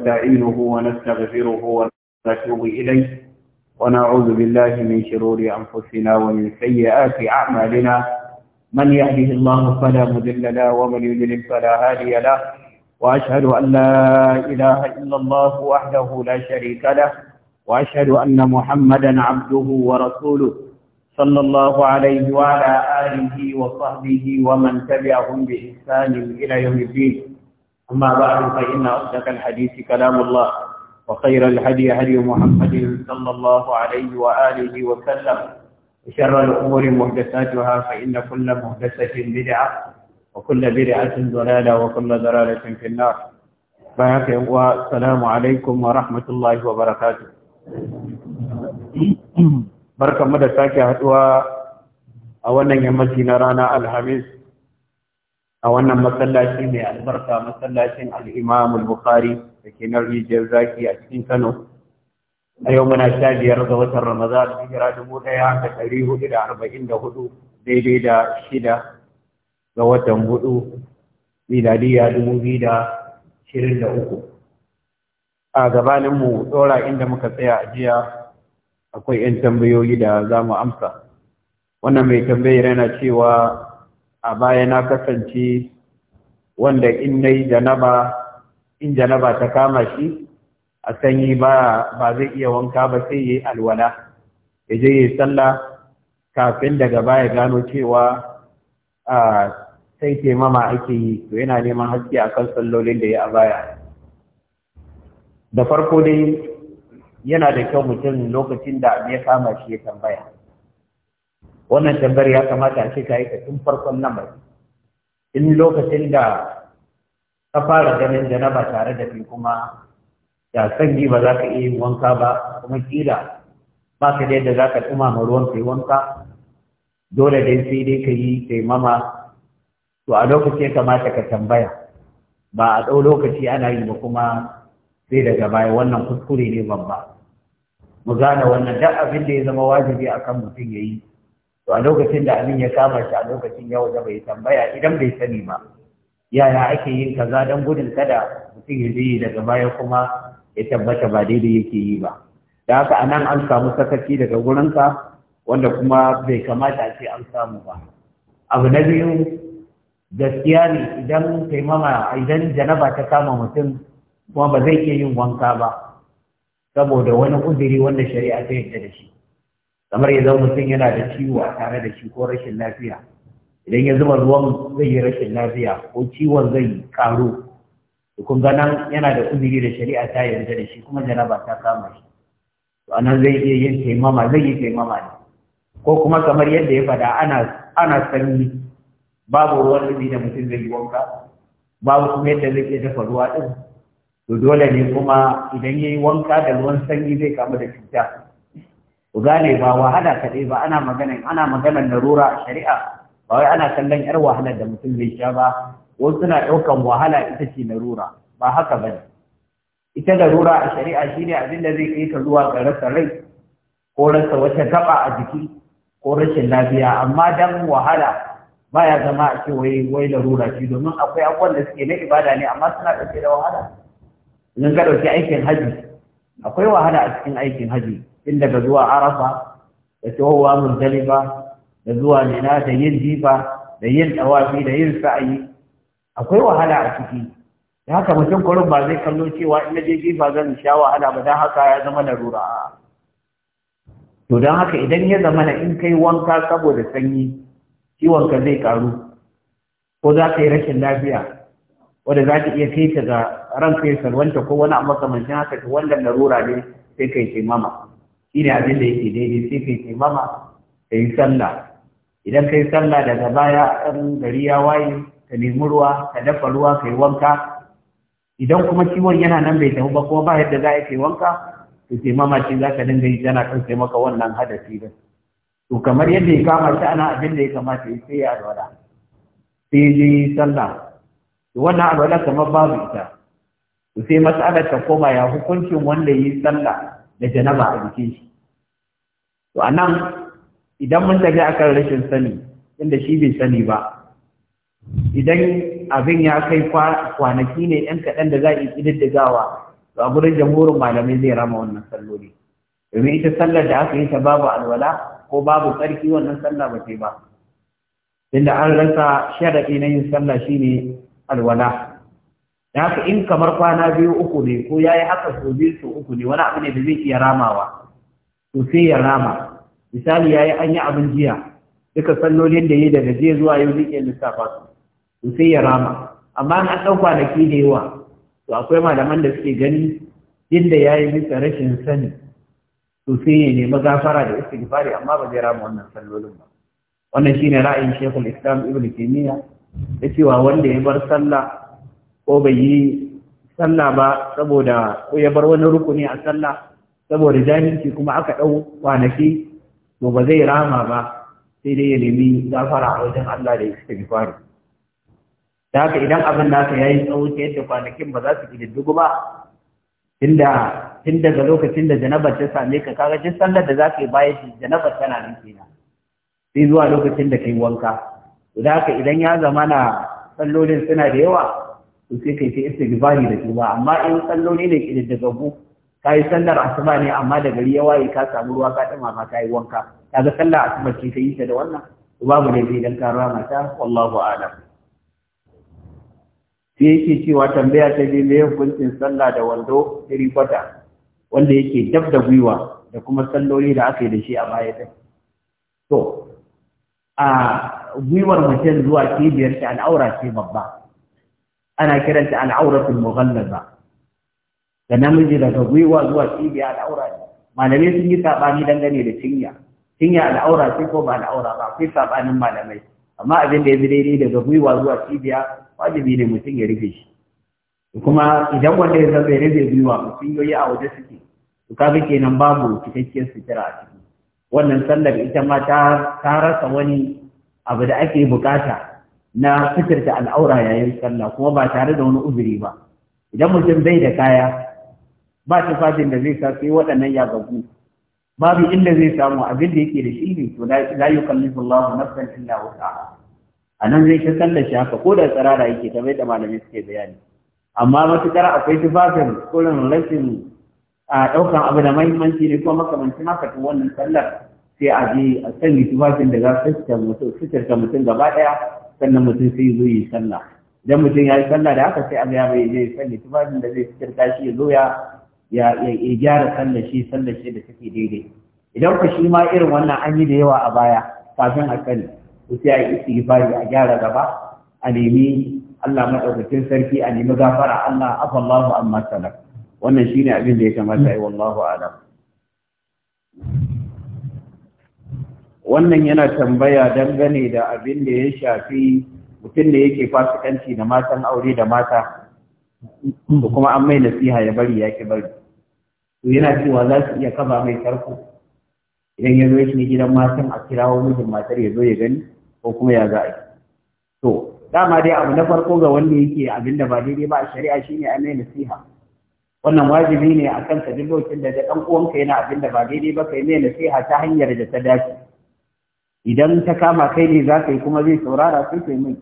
نستعينه ونستغفره ونتوب إليه ونعوذ بالله من شرور أنفسنا ومن سيئات أعمالنا من يهده الله فلا مذل له ومن يضلل فلا هادي له وأشهد أن لا إله إلا الله وحده لا شريك له وأشهد أن محمدا عبده ورسوله صلى الله عليه وعلى آله وصحبه ومن تبعهم بإحسان إلى يوم الدين أما بعد فإن أصدق الحديث كلام الله وخير الهدي هدي محمد صلى الله عليه وآله وسلم وشر الأمور محدثاتها فإن كل محدثة بدعة وكل بدعة ضلالة وكل ضلالة في النار بارك والسلام عليكم ورحمة الله وبركاته بركة مدى ساكي هدوى أولا يمتين رانا الحميس a wannan masallaci mai albarka masallacin al'imam al-bukhari da ke Narijiyar zaki a cikin kano a yau muna sha biyar ga watan ramadan hijira dubu ɗaya da ɗari hudu da arba'in da hudu daidai da shida ga watan hudu ya dubu biyu da shirin da uku a gabaninmu ɗora inda muka tsaya a jiya akwai 'yan tambayoyi da za mu amsa wannan mai tambayar yana cewa a baya na kasance wanda in na yi janaba in janaba ta kama shi a sanyi ba zai iya wanka ba sai ya yi alwala ya je ya yi sallah kafin daga baya gano cewa a sai taimama ake yi to yana neman haske a kan sallolin da ya a baya da farko dai yana da kyau mutum lokacin da ya kama shi ya tambaya wannan tambayar ya kamata a ce ka yi ta tun farkon lamari in lokacin da ka fara ganin da ba tare da fi kuma ya sanyi ba za ka iya yin wanka ba kuma kila ba ka da za ka ma ruwan kai wanka dole dai sai dai ka yi mama to a lokaci ya kamata ka tambaya ba a ɗau lokaci ana yi ba kuma sai daga baya wannan kuskure ne babba mu gane wannan duk abin da ya zama wajibi akan mutum ya yi to a lokacin da abin ya kama shi a lokacin ya waje bai tambaya idan bai sani ba yaya ake yin kaza don gudun kada mutum ya je daga baya kuma ya tabbata ba daidai yake yi ba da haka a nan an samu sakaci daga gurinka wanda kuma bai kamata a ce an samu ba abu na biyu gaskiya ne idan taimama idan janaba ta kama mutum kuma ba zai iya yin wanka ba saboda wani uzuri wanda shari'a ta yadda da shi kamar ya idan mutum yana da ciwo a tare da shi ko rashin lafiya idan ya zuba ruwan zai yi rashin lafiya ko ciwon zai karu kun ga nan yana da uzuri da shari'a ta yarda da shi kuma jaraba ta kama shi to anan zai iya yin taimama zai yi taimama ne ko kuma kamar yadda ya faɗa ana ana sanyi babu ruwan dumi da mutum zai yi wanka babu kuma yadda zai iya dafa ruwa ɗin to dole ne kuma idan ya yi wanka da ruwan sanyi zai kamu da cuta ku gane ba wahala kaɗai ba ana magana ana maganan a shari'a ba wai ana kallon yar wahala da mutum bai sha ba wasu suna ɗaukan wahala ita ce narura? ba haka ba ne ita larura a shari'a shine abin da zai kai ka zuwa ga rasa rai ko rasa wata gaba a jiki ko rashin lafiya amma dan wahala baya zama a ce wai wai larura shi domin akwai abubuwan da suke na ibada ne amma suna ɗauke da wahala idan ka ɗauki aikin haji akwai wahala a cikin aikin hajji. in daga zuwa arafa da tohowa muzdalifa da zuwa nina da yin jifa da yin tawafi da yin sa'ayi akwai wahala a ciki da haka mutum kurin ba zai kallo cewa in je jifa zan sha wahala ba dan haka ya zama narura. to don haka idan ya zama na in kai wanka saboda sanyi ciwon ka zai karu ko za ka yi rashin lafiya wanda za ka iya kai ta ga ran ya salwanta ko wani abu makamancin haka to wannan larura ne sai kai taimama ina ne abin da yake daidai sai kai mama ka yi sallah idan ka yi sallah daga baya ɗan gari ya waye ka nemi ruwa ka dafa ruwa ka yi wanka idan kuma ciwon yana nan bai tafi ba kuma ba yadda za a yi wanka to mama ce za ka dinga yi tana kan sai maka wannan hadasi din to kamar yadda ya kama shi ana abin da ya kamata ya sai ya alwala sai ya yi sallah to wannan alwala kamar babu ita to sai matsalar ta koma ya hukuncin wanda ya yi sallah da janaba a jikin shi to anan idan mun tafi akan rashin sani inda shi bai sani ba idan abin ya kai kwanaki ne yan kaɗan da za a ƙididdigawa to a gurin jamhurin malamai zai rama wannan salloli domin ita sallar da aka yi ta babu alwala ko babu tsarki wannan sallah ba ta yi ba inda an rasa sharaɗi na yin sallah shine alwala da haka in kamar kwana biyu uku ne ko ya yi haka su biyu su uku ne wani abu ne da zai iya ramawa to sai ya rama misali ya yi an yi abin jiya duka sallolin da ya daga jiya zuwa yau zai iya lissafa su to sai ya rama amma an ɗau kwanaki da yawa to akwai malaman da suke gani inda ya yi bisa rashin sani to sai ya nemi gafara da istighfari amma ba zai rama wannan sallolin ba wannan shine ra'ayin shekul islam ibnu taymiya da cewa wanda ya bar sallah ko bai yi sallah ba saboda ko ya bar wani rukuni a sallah saboda jahilci kuma aka ɗau kwanaki to ba zai rama ba sai dai ya nemi gafara a wajen Allah da istighfari da haka idan abin naka yayi tsawo ta yadda kwanakin ba za su kididdigu ba tunda tun daga lokacin da janabar ta same ka kaga duk sallar da zaka yi bayan janabar tana nan kenan sai zuwa lokacin da kai wanka to da haka idan ya zama na sallolin suna da yawa to sai kai sai gibari da tuba amma in salloli ne kididdigaggu gabu kai sallar asuba ne amma da gari ya waye ka samu ruwa ka dama ma ka yi wanka kaga sallar asuba ce ka ta da wannan babu da zai dan ka rama wallahu a'lam sai yake cewa tambaya ta bi me hukuncin sallah da wando iri kwata wanda yake dab da gwiwa da kuma salloli da aka yi da shi a baya din to a gwiwar mutum zuwa cibiyar ta al'aura ce babba ana kiranta al'auratul mughallaza da namiji daga gwiwa zuwa cibiya al'aura ne malamai sun yi sabani dangane da cinya cinya al'aura ce ko ba al'aura ba akwai sabanin malamai amma abin da ya daidai daga gwiwa zuwa cibiya wajibi ne mutum ya rufe shi kuma idan wanda ya zama ya rufe gwiwa mutum yi a waje suke to kaga kenan babu cikakkiyar sutura a ciki wannan sallar ita ma ta rasa wani abu da ake bukata na da al'aura yayin sallah kuma ba tare da wani uzuri ba idan mutum bai da kaya ba tufafin da zai sa sai waɗannan ya gabu. babu inda zai samu abin da yake da shi ne to la yukallifu Allahu nafsan illa wus'aha anan zai ta sallar shi haka ko da tsarara yake ta bai da malamai suke bayani amma matuƙar akwai tufafin kurin rashin a ɗaukan abu da mahimmanci ne kuma makamancin haka to wannan sallar sai a je a sanya tufafin da za su fitar mutum gaba ɗaya sannan mutum sai zo yi sallah idan mutum ya yi sallah da haka sai Allah ya bai zai tufafin da zai fitar shi ya zo ya ya gyara sallah shi sallah shi da take daidai idan ku shi ma irin wannan an yi da yawa a baya kafin a sani ku sai a yi istighfari a gyara gaba a nemi Allah madaukakin sarki a nemi gafara Allah afallahu amma sallah wannan shine abin da ya kamata ai wallahu a'lam wannan yana tambaya dangane da abin da ya shafi mutum da yake fasikanci da matan aure da mata da kuma an mai nasiha ya bari ya ki bari to yana cewa za su iya kaba mai tarko idan ya zo ya ne gidan matan a kirawo mijin matar ya zo ya gani ko kuma ya za a yi to dama dai abu na farko ga wanda yake abin da ba daidai ba a shari'a shine an mai nasiha wannan wajibi ne a kanka duk da ɗan uwanka yana abin da ba daidai ba kai mai nasiha ta hanyar da ta dace idan ta kama kai ne za ka yi kuma zai saurara sai ka mai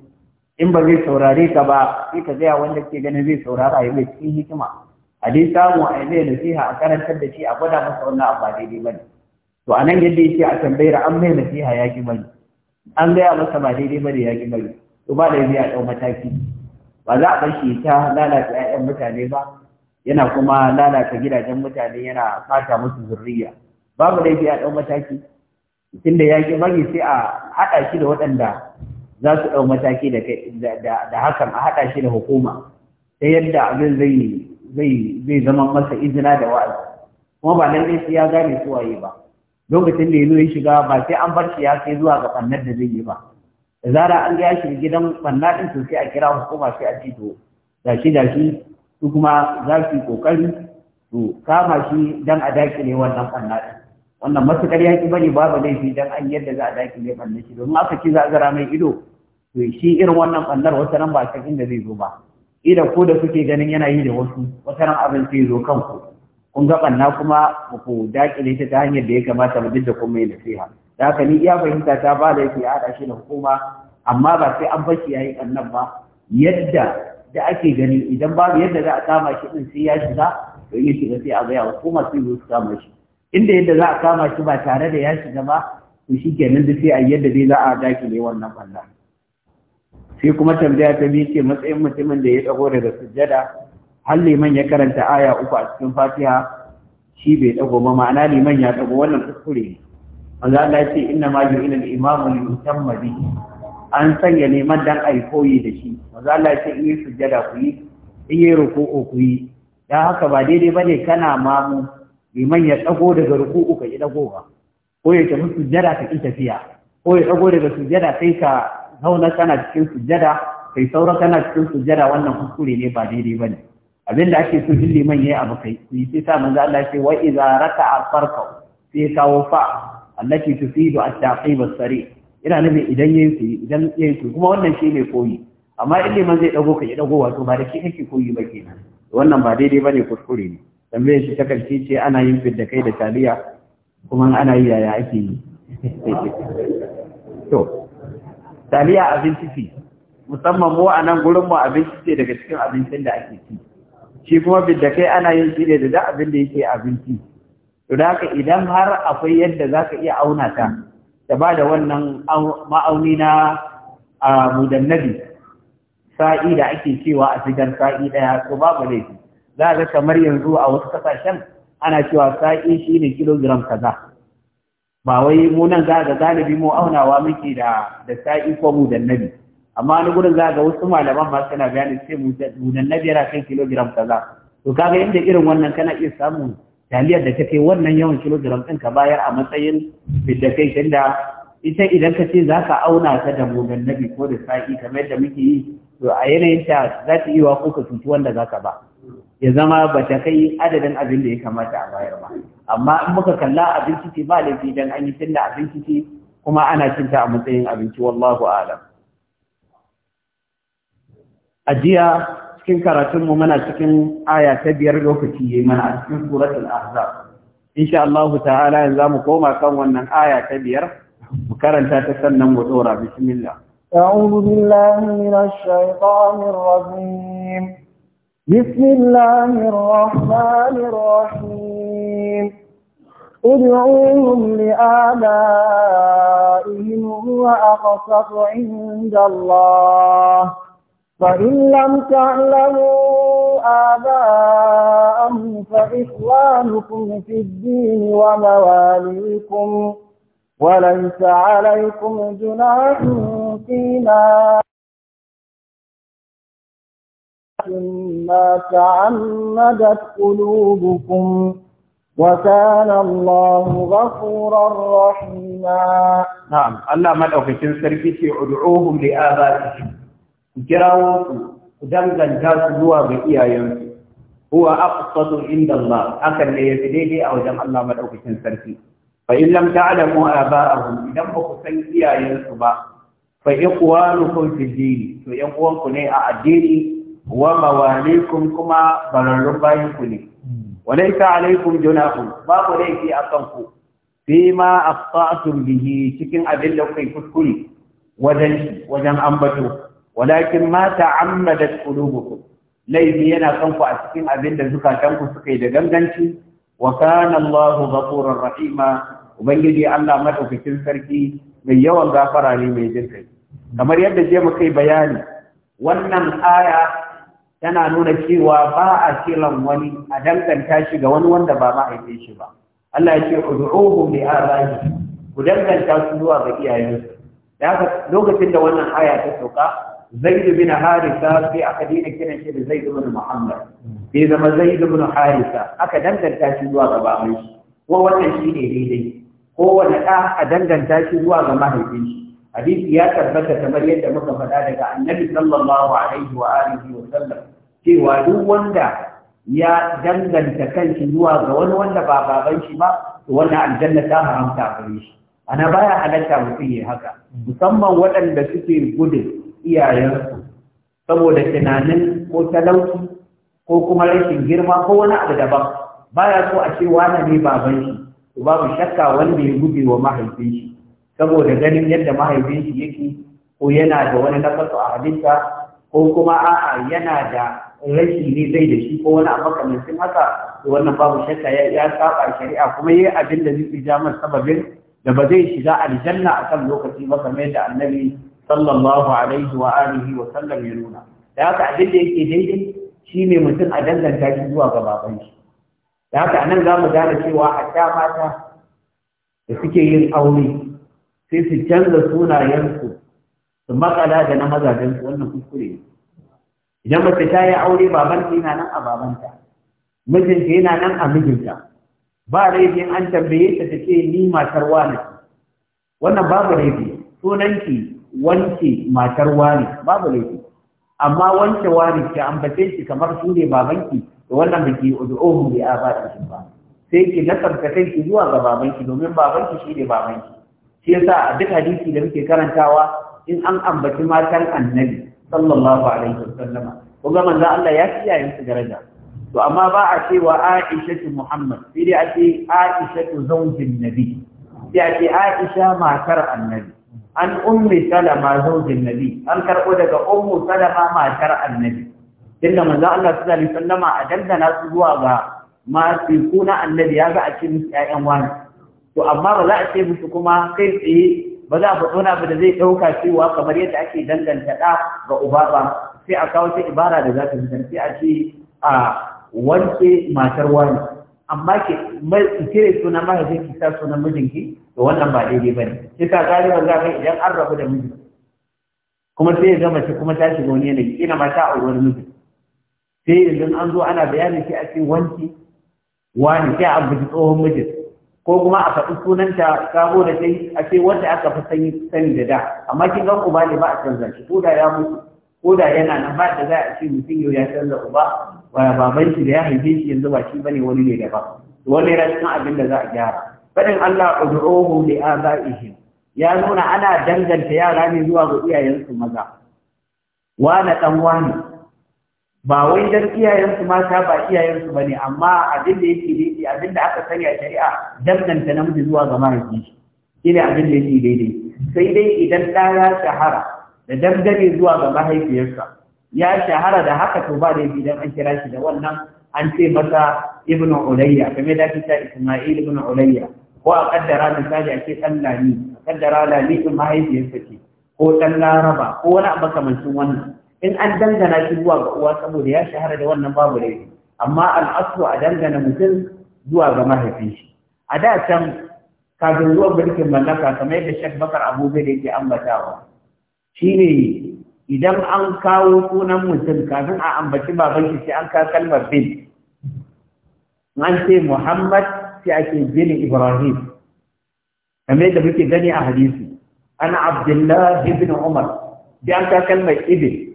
in ba zai saurare ka ba sai ka gaya wanda ke ganin zai saurara ya mai cikin hikima a dai samu a yi mai nasiha a karantar da shi a gwada masa wannan abu a daidai ba ne to a nan yadda yake a tambayar an mai nasiha ya ki bari an gaya masa ba daidai ba ne ya ki bari to ba da yanzu ya ɗau mataki ba za a bar shi ta lalata 'ya'yan mutane ba yana kuma lalata gidajen mutane yana fata musu zurriya babu laifi a ɗau mataki tunda ya ki bari sai a haɗa shi da waɗanda za su ɗau mataki da hakan a haɗa shi da hukuma ta yadda abin zai zama masa izina da wa'azi kuma ba lalle sai ya gane su waye ba lokacin da ya zo ya shiga ba sai an bar shi ya kai zuwa ga ɓannar da zai yi ba da zara an ga shi shiga gidan ɓanna ɗin to sai a kira hukuma sai a ce to gashi gashi su kuma za su yi to kama shi don a dakile wannan ɓanna wannan matukar yaƙi bane babu laifi dan an yadda za a daki mai ɓannar shi domin aka ci zagara mai ido to shi irin wannan ɓannar wata nan ba san inda zai zo ba idan ko da kuke ganin yana yi da wasu wata nan abin sai zo kanku kun ga ɓanna kuma ku daƙile ta ta hanyar da ya kamata ba duk da kun yi nasiha da haka ni iya fahimta ta ba da yake haɗa shi da hukuma amma ba sai an bashi yayi ɓannan ba yadda da ake gani idan babu yadda za a kama shi ɗin sai ya shiga to in ya shiga sai a gaya hukuma sai zo su kama shi inda yadda za a kama shi ba tare da ya shiga ba to shi kenan da sai a yadda dai za a dakile wannan balla sai kuma tambaya ta biyu ce matsayin mutumin da ya dago daga sujjada har liman ya karanta aya uku a cikin fatiha shi bai dago ba ma'ana liman ya dago wannan kuskure ne manzo Allah ya ce inna ma ju'ila al-imamu li yutamma bi. an sanya neman dan ai koyi da shi manzo Allah ya ce in yi sujjada ku yi in yi ruku'u ku yi dan haka ba daidai bane kana mamu liman ya ɗago daga ruku'u ka yi dagowa ko ya tafi sujjada ka tafiya ko ya dago daga sujjada sai ka zauna kana cikin sujjada kai saura kana cikin sujjada wannan kuskure ne ba daidai bane abin da ake so in liman yayi abu kai yi sai sa manzo Allah ce wa idza raka'a farqa sai kawo fa allati tufidu at-taqib as-sari ina nufin idan yayi ku idan yayi kuma wannan shi ne koyi amma in liman zai dago ka yi dago wato ba da shi kake koyi ba kenan wannan ba daidai bane kuskure ne tambayar shi ta karshe ce ana yin fidda kai da taliya kuma ana yi yaya ake yi to taliya abinci ce musamman mu a nan gurin mu abinci ce daga cikin abincin da ake ci shi kuma fidda kai ana yin shi ne da duk abin da yake abinci to da haka idan har akwai yadda za ka iya auna ta ta ba da wannan ma'auni na mudannabi sa'i da ake cewa a shigar sa'i ɗaya ko babu laifi za ga kamar yanzu a wasu kasashen ana cewa sa'i shi ne kilogram kaza ba wai mu nan za ga galibi mu aunawa muke da da sa'i ko mu dannabi amma wani gurin za ga wasu malaman ma suna bayani sai mu dannabi yana kan kilogram kaza to kaga inda irin wannan kana iya samun taliyar da ta kai wannan yawan kilogram ɗin ka bayar a matsayin bidakai tunda ita idan ka ce za ka auna ta da mu dannabi ko da sa'i kamar da muke yi to a yanayin ta za ta iya wa ko ka cuci wanda za ka ba ya zama ba ta kai adadin abin da ya kamata a bayar ba amma in muka kalla abinci ce ba laifi dan an yi tunda abinci ce kuma ana cin ta a matsayin abinci wallahu a'lam ajiya cikin karatun mu muna cikin aya ta biyar lokaci yayi mana a cikin suratul ahzab insha Allah ta'ala yanzu mu koma kan wannan aya ta biyar mu karanta ta sannan mu dora bismillah أعوذ بالله من الشيطان الرجيم بسم الله الرحمن الرحيم ادعوهم لآبائهم هو أقسط عند الله فإن لم تعلموا آباءهم فإخوانكم في الدين ومواليكم وليس عليكم جناح فيما مما تعمدت قلوبكم وكان الله غفورا رحيما نعم الله مدعوكين سركي ادعوهم لآبائهم كراوهم دنگن تاسو zuwa ga iyayensu huwa aqsatu inda Allah hakan ne yafi daidai a wajen Allah madaukakin sarki fa in lam ta'lamu aba'ahum idan ba ku san iyayensu ba fa iqwanukum fi dini to yan uwanku ne a addini wa mawalikum kuma bararrun bayan ku ne walaita alaikum Ba ku laifi a kanku fi ma afsa'tum bihi cikin abin da kuka kuskure wajen wajen ambato walakin ma ta'ammadat qulubukum laifi yana kanku a cikin abin da zukatanku suka yi da ganganci wa kana Allahu ghafurur rahima ubangiji Allah madaukakin sarki mai yawan gafara ne mai jin kamar yadda je mu kai bayani wannan aya Tana nuna cewa ba a tilan wani a danganta shi ga wani wanda ba ma'aikin shi ba Allah ya ce ud'uhum li abaihim ku danganta su zuwa ga iyayensu da lokacin da wannan aya ta sauka Zaid bin Harisa sai aka dina kiran shi da Zaid bin Muhammad bai zama Zaid bin Harisa aka danganta shi zuwa ga baban shi ko wannan ne daidai kowane ɗa a danganta shi zuwa ga mahaifin shi hadisi ya tabbata kamar yadda muka faɗa daga annabi sallallahu alaihi wa alihi wa sallam cewa duk wanda ya danganta kanshi zuwa ga wani wanda ba baban shi ba wannan aljanna ta haramta a gare shi ana baya halatta mutum ya haka musamman waɗanda suke gudun iyayensu saboda tunanin ko talauci ko kuma rashin girma ko wani abu daban baya so a ce wani ne baban shi to babu shakka wanda ya gube wa mahaifin shi saboda ganin yadda mahaifin shi yake ko yana da wani nafasa a halitta ko kuma a'a yana da Rashin ne zai da shi ko wani abu sun haka wannan babu shakka ya saba shari'a kuma yayi abin da zai ja masa sababin da ba zai shiga aljanna a kan lokaci ba kamar yadda annabi sallallahu alaihi wa alihi wa sallam ya nuna da haka abin da yake daidai shine mutum a danganta shi zuwa ga baban shi da haka anan za mu gane cewa a ta mata da suke yin aure sai su canza sunayensu su makala da na mazajensu wannan kuskure ne idan mace ta yi aure babanta yana nan a babanta mijinta yana nan a mijinta ba laifin an tambaye ta ta ce ni matar wani wannan babu laifi sunanki wance matar wani babu laifi amma wanke wani ki ambace shi kamar su ne babanki da wannan biki ud'uhum bi abaihi ba sai ki nasarta kanki zuwa ga babanki domin babanki shi ne babanki shi yasa a duk hadisi da muke karantawa in an ambaci matan annabi sallallahu alaihi wasallam kun ga manzo Allah ya kiyaye su daraja to amma ba a cewa Aisha Muhammad sai dai a ce Aisha zaujin Nabi sai a Aisha matar Annabi an ummi Salama zaujin Nabi an karbo daga ummu Salama matar Annabi tunda manzo Allah sallallahu alaihi wasallama a dandana su zuwa ga masu kuna Annabi ya ga a cikin musu ƴaƴan wani to amma ba za a ce musu kuma kai tsaye ba za a faɗo na abu da zai ɗauka cewa kamar yadda ake danganta ɗa ga uba ba sai a kawo ta ibara da za ta fi sai a ce a wanke matar wani amma ke kire suna mahaifin ki sa mijinki to wannan ba daidai ba ne sai ka galiban za ka idan an rabu da miji kuma sai ya zama shi kuma ta shiga wani yanayi ina ma ta auri wani miji sai idan an zo ana bayani sai a ce wanke wani sai a guji tsohon mijin ko kuma a faɗi sunanta saboda da sai a ce wanda aka fi sani sani da da amma kin ga uba ne ba a canza shi ko da ya mutu ko da yana nan ba da za a ce mutum yau ya canza uba ba baban shi da ya haife shi yanzu ba shi bane wani ne daban wani yana cikin abin da za a gyara Fadin Allah ud'uhu li abaihim ya nuna ana danganta yara ne zuwa ga iyayensu maza Wa na dan wani ba wai dan iyayensu mata ba iyayensu bane amma abin da yake daidai abin da aka sanya shari'a danganta namiji zuwa ga mahaifi shi shine abin da yake daidai sai dai idan ɗa ya shahara da dangane zuwa ga mahaifiyarsa ya shahara da haka to ba da idan an kira shi da wannan an ce masa ibnu ulayya kamar da ta isma'il Ibn ulayya ko a kaddara misali a ce ɗan lami a kaddara lami mahaifiyarsa ce ko ɗan laraba ko wani abu makamancin wannan in an dangana shi zuwa ga uwa saboda ya shahara da wannan babu laifi amma al'asu a dangana mutum zuwa ga mahaifin shi a da can kafin zuwan mulkin mallaka kamar yadda shek bakar abubuwa da yake ambatawa shine idan an kawo sunan mutum kafin a ambaci baban shi sai an ka kalmar bin an ce muhammad sai ake bin ibrahim kamar yadda muke gani a hadisi ana abdullahi ibn umar bi an kawo kalmar ibn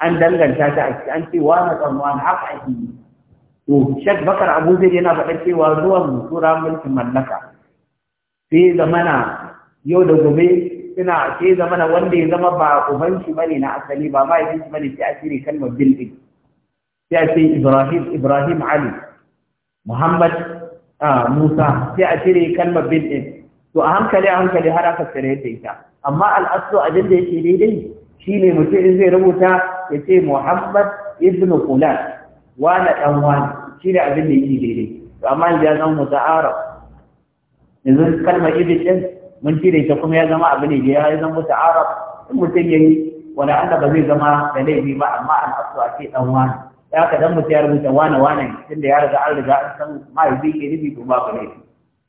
an danganta ta a an ce wa na tsammanin haka ake yi to shek bakar abu zai yana faɗa cewa zuwan tura mulkin mallaka sai zamana yau da gobe suna sai zamana wanda ya zama ba uban shi bane na asali ba mahaifin shi ne sai a shirya kalmar bil sai a ce ibrahim ibrahim ali muhammad musa sai a shirya kalmar bil to a hankali a hankali har aka tsare da ita amma al'asu abin da yake daidai ne mutum in zai rubuta ya ce Muhammad ibn Fulan wani ɗan wani ne abin da yake daidai to amma ya zama muta'arab yanzu kalmar ibn ɗin mun cire ta kuma ya zama abin da ya zama muta'arab in mutum ya yi. wani Allah ba zai zama da laifi ba amma an asu a ce ɗan wani ya ka dan mutum ya rubuta wani wani da ya riga an riga an san mahaifi ke rubi to ba ba laifi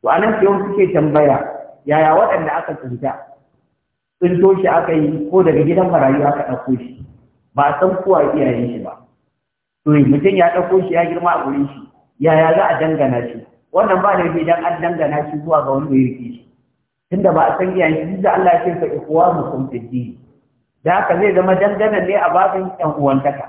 to anan sai suke tambaya yaya waɗanda aka tsinta sun shi aka yi ko daga gidan marayu aka ɗauko shi ba a san kowa iyayen shi ba to mutum ya ɗauko shi ya girma a wurin shi yaya za a dangana shi wannan ba laifi idan an dangana shi zuwa ga wanda ya rike shi tunda ba a san iyayen shi da Allah ya ce fa mu kun din da haka zai zama dangana ne a babin ƴan uwantaka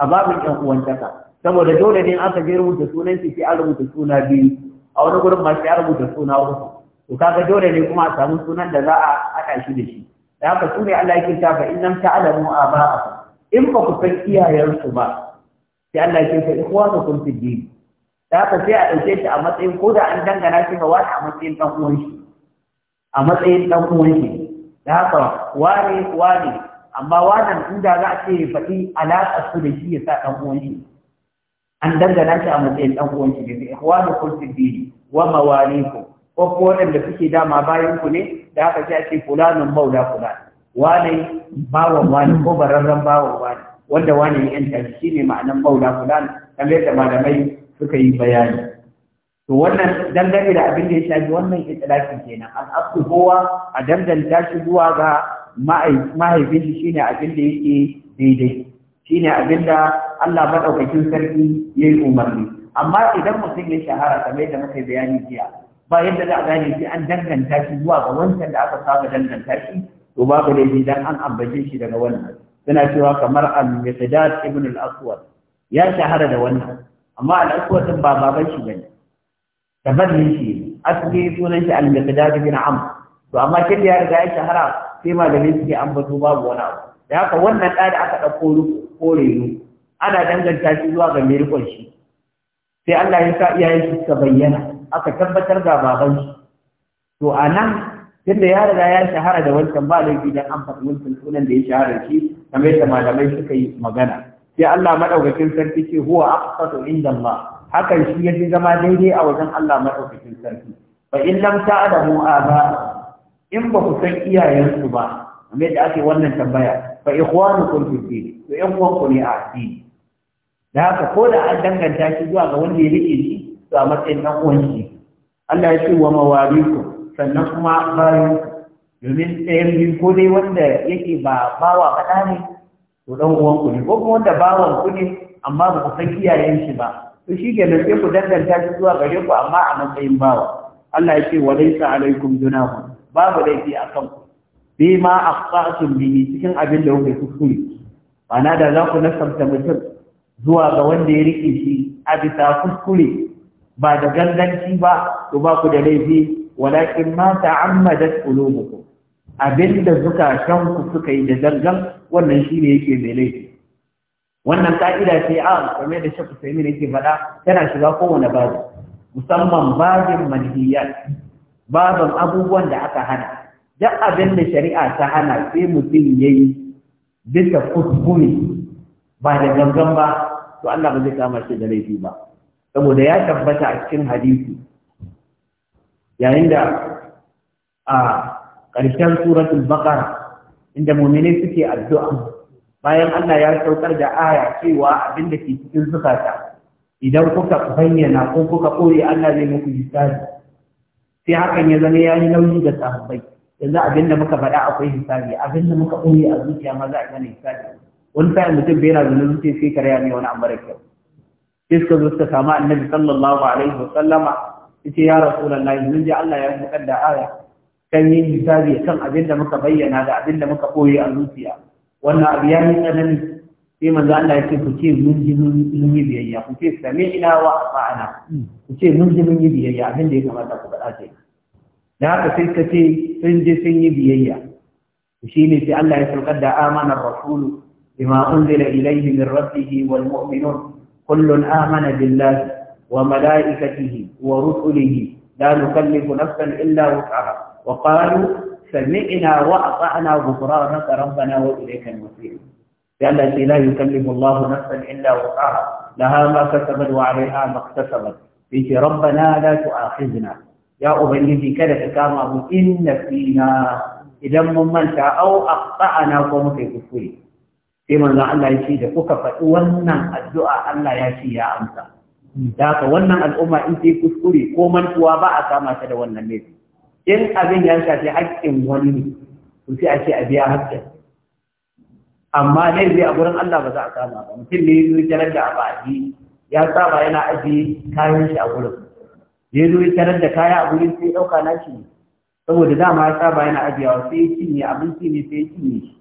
a babin ƴan uwantaka saboda dole ne aka je rubuta sunan shi sai an rubuta suna biyu a wani gurin ma sai an rubuta suna uku to kaga dole ne kuma a samu sunan da za a haɗa shi da shi da haka su ne Allah yake ta fa in lam ta'lamu aba'akum in ba ku san iyayensu ba sai Allah yake ta ikhwanukum fi din da haka sai a ɗauke shi a matsayin ko da an dangana shi ga wani a matsayin dan uwan shi a matsayin dan uwan shi da haka wani wani amma wannan inda za a ce ya faɗi alaƙa su da shi ya sa dan uwan shi an dangana shi a matsayin dan uwan shi da sai ikhwanukum fi din wa mawalikum ko waɗanda suke dama bayan ku ne da haka ce ake fulanin maula kula wane bawan wani ko bararren bawan wani wanda wani ne yanta shi ne ma'anan maula kula kamar yadda malamai suka yi bayani to wannan dangane da abin da ya shafi wannan itilafin kenan al'abdu kowa a danganta shi zuwa ga mahaifin shi shine abin da yake daidai shine abin da Allah madaukakin sarki ya yi umarni amma idan mutum ya shahara kamar yadda muka bayani jiya ba yadda za a gane sai an danganta shi zuwa ga wancan da aka saba danganta shi to babu laifi dan an ambace shi daga wannan suna cewa kamar al-miqdad ibn al-aswad ya shahara da wannan amma al-aswad din ba baban shi bane tabannin shi asli sunan shi al-miqdad ibn amr to amma kin ya riga ya shahara sai malamin suke ambato babu wani abu da haka wannan da aka dauko kore ne ana danganta shi zuwa ga mirkon shi sai Allah ya sa iyayen shi suka bayyana aka tabbatar da baban shi to a nan tunda ya riga ya shahara da wancan ba laifi dan an faɗi wancan sunan da ya shahara shi kamar yadda malamai suka yi magana sai Allah madaukakin sarki ce huwa aqsatu inda Allah hakan shi yafi zama daidai a wajen Allah madaukakin sarki fa in lam ta'lamu aba in ba ku san iyayensu ba amma da ake wannan tambaya fa ikhwanukum fi din to yan uwanku ku ne a addini da haka ko da an danganta shi zuwa ga wanda ya rike shi su a matsayin ɗan uwan Allah ya ce wa mawariku sannan kuma bayan domin ɗayan biyu ko dai wanda yake ba bawa faɗa ne to ɗan uwan ku ne ko kuma wanda bawan ku ne amma ba ku san iyayen shi ba to shi ke nan sai ku danganta shi zuwa gare ku amma a matsayin bawa Allah ya ce wa laisa alaikum junahun babu laifi a kan ku bi ma aqsa'tum bi cikin abin da kuke kuskure ana da za ku nasabta mutum zuwa ga wanda ya rike shi a bisa kuskure ba da ganganci ba to ba ku da laifi walakin ma ta'ammadat qulubukum abinda zukatan ku suka yi da dangan wannan shine yake mai laifi wannan ka'ida ce a kuma da sai Usaimin yake faɗa tana shiga kowane babu musamman babin manhiyat babin abubuwan da aka hana duk abin da shari'a ta hana sai mutum yayi bisa kuskure ba da gangan ba to Allah ba zai kama shi da laifi ba saboda ya tabbata a cikin hadisi yayin da a ƙarshen suratul baqara inda muminai suke addu'a bayan Allah ya saukar da aya cewa abin da ke cikin zukata idan kuka bayyana ko kuka kore Allah zai muku hisabi sai hakan ya zama yayi nauyi ga sahabbai yanzu abin da muka faɗa akwai hisabi abin da muka kore a zuciya ma za a gane hisabi wani sa'in mutum bai na zunubi sai kare ya ne wani amara kyau sai suka zo suka samu annabi sallallahu alaihi wa sallama, yace ya rasulullahi mun ji Allah ya buƙar da aya kan yin hisabi kan abin da muka bayyana da abin da muka koyi a zuciya wannan abu ya yi tsanani sai manzo Allah ya ce ku ce mun ji mun yi biyayya ku ce sami'na wa ata'na ku ce mun ji mun yi biyayya abin da ya kamata ku faɗa ce da haka sai ka ce sun je sun yi biyayya shi ne sai Allah ya saukar da amanar rasulu bima unzila ilayhi min rabbihi wal mu'minun كل آمن بالله وملائكته ورسله لا نكلف نفسا إلا وسعها وقالوا سمعنا وأطعنا غفرانك ربنا وإليك المصير لأن لا يكلف الله نفسا إلا وسعها لها ما كسبت وعليها ما اكتسبت فيك ربنا لا تؤاخذنا يا أبنيتي كذا كما إن فينا إذا من منت أو أخطأنا فمسك الكفر sai Allah ya da kuka faɗi wannan addu'a Allah ya ce ya amsa da ka wannan al'umma in sai kuskure ko mantuwa ba a kama ta da wannan ne in abin ya shafi haƙƙin wani ne to sai a ce a biya haƙƙin amma zai a gurin Allah ba za a kama ba mutum ne ya jarar da abu ji ya saba yana aji kayan shi a gurin da ya zo ya tarar da kaya a gurin sai ɗauka na shi saboda dama ya saba yana ajiyawa sai ya cinye abinci ne sai ya cinye shi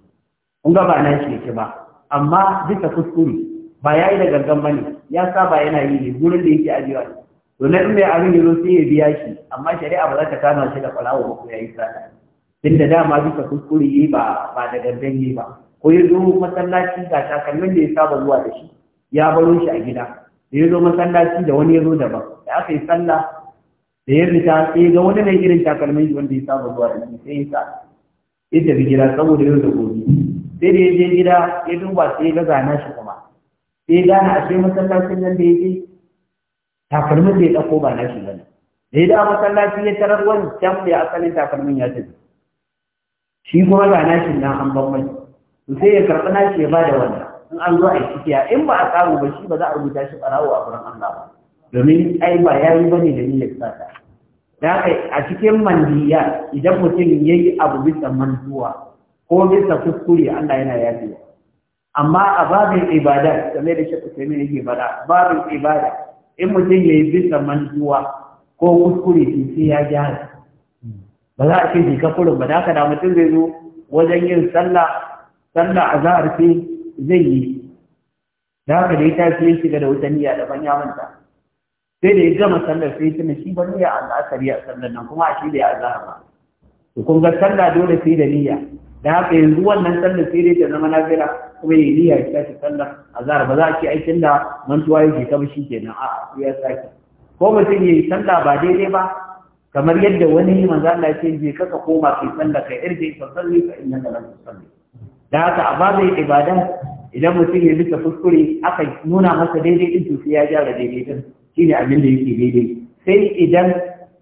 kun ga ba na shi yake ba amma duka kuskure ba ya da gangan bane ya saba yana yi ne gurin da yake ajiyar. to na in mai abin yaro sai ya biya shi amma shari'a ba za ta kama shi da kwalawo ko ya yi din da dama duka kuskure yi ba ba da gangan yi ba ko ya zo masallaci ga takalmin da ya saba zuwa da shi ya baro shi a gida da ya zo masallaci da wani ya zo daban da aka yi sallah da ya rita, sai ga wani mai irin takalmin wanda ya saba zuwa da shi sai ya sa ya tafi gida saboda yau da gobe sai da ya je gida ya duba sai ga na shi kuma sai gane a sai masallacin nan da ya je takalmin da ya ɗauko ba na shi bane da ya da masallaci ya tarar wani can da asalin takalmin ya tafi shi kuma ga shi nan an ban mai to sai ya karɓi shi ya bada wannan in an zo a cikiya in ba a tsaro ba shi ba za a rubuta shi ɓarawo a gurin Allah ba domin ai ba ya yi bane da niyyar sata da haka a cikin mandiya idan mutum ya yi abu bisa mantuwa ko bisa kuskure Allah yana yafi amma a babin ibada game da shi kusa mai yake bada babin ibada in mutum ya yi bisa manzuwa ko kuskure shi sai ya gyara ba za a ce ka kurin ba da haka da mutum zai zo wajen yin sallah sallah a zahar sai zai yi da haka da ya tashi ya shiga da wuta niyya daban ya manta sai da ya gama sallar sai tuna shi ba niyya a la'asari a sallar nan kuma a shi da ya azahar ba to kun ga sallah dole sai da niyya da haka yanzu wannan sallar sai dai ta zama kuma ya niyya ya tashi sallar zara ba za a ce aikin da mantuwa yake ta ke kenan a ya sake ko mutum ya yi sanda ba daidai ba kamar yadda wani manzo Allah ce je kaka koma kai sanda, ka irje ka ka fa ka lam da haka a zai ibada idan mutum ya bisa kuskure aka nuna masa daidai din to sai ya gyara daidai din shine abin da yake daidai sai idan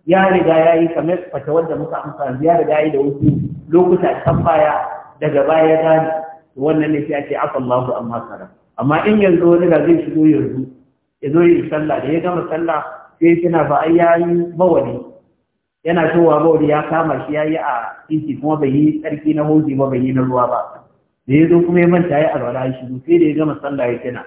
ya riga ya yi kamar fata wanda muka amsa ya riga ya yi da wasu lokuta can baya daga baya ya gane wannan ne sai ake aka Allahu amma sara amma in yanzu wani da zai shigo yanzu ya zo yi sallah da ya gama sallah sai tana ba ai ya yi bawali yana towa bawali ya kama shi ya yi a titi kuma bai yi tsarki na hoji ba bai yi na ruwa ba da ya zo kuma ya manta ya alwala ya shigo sai da ya gama sallah ya kina.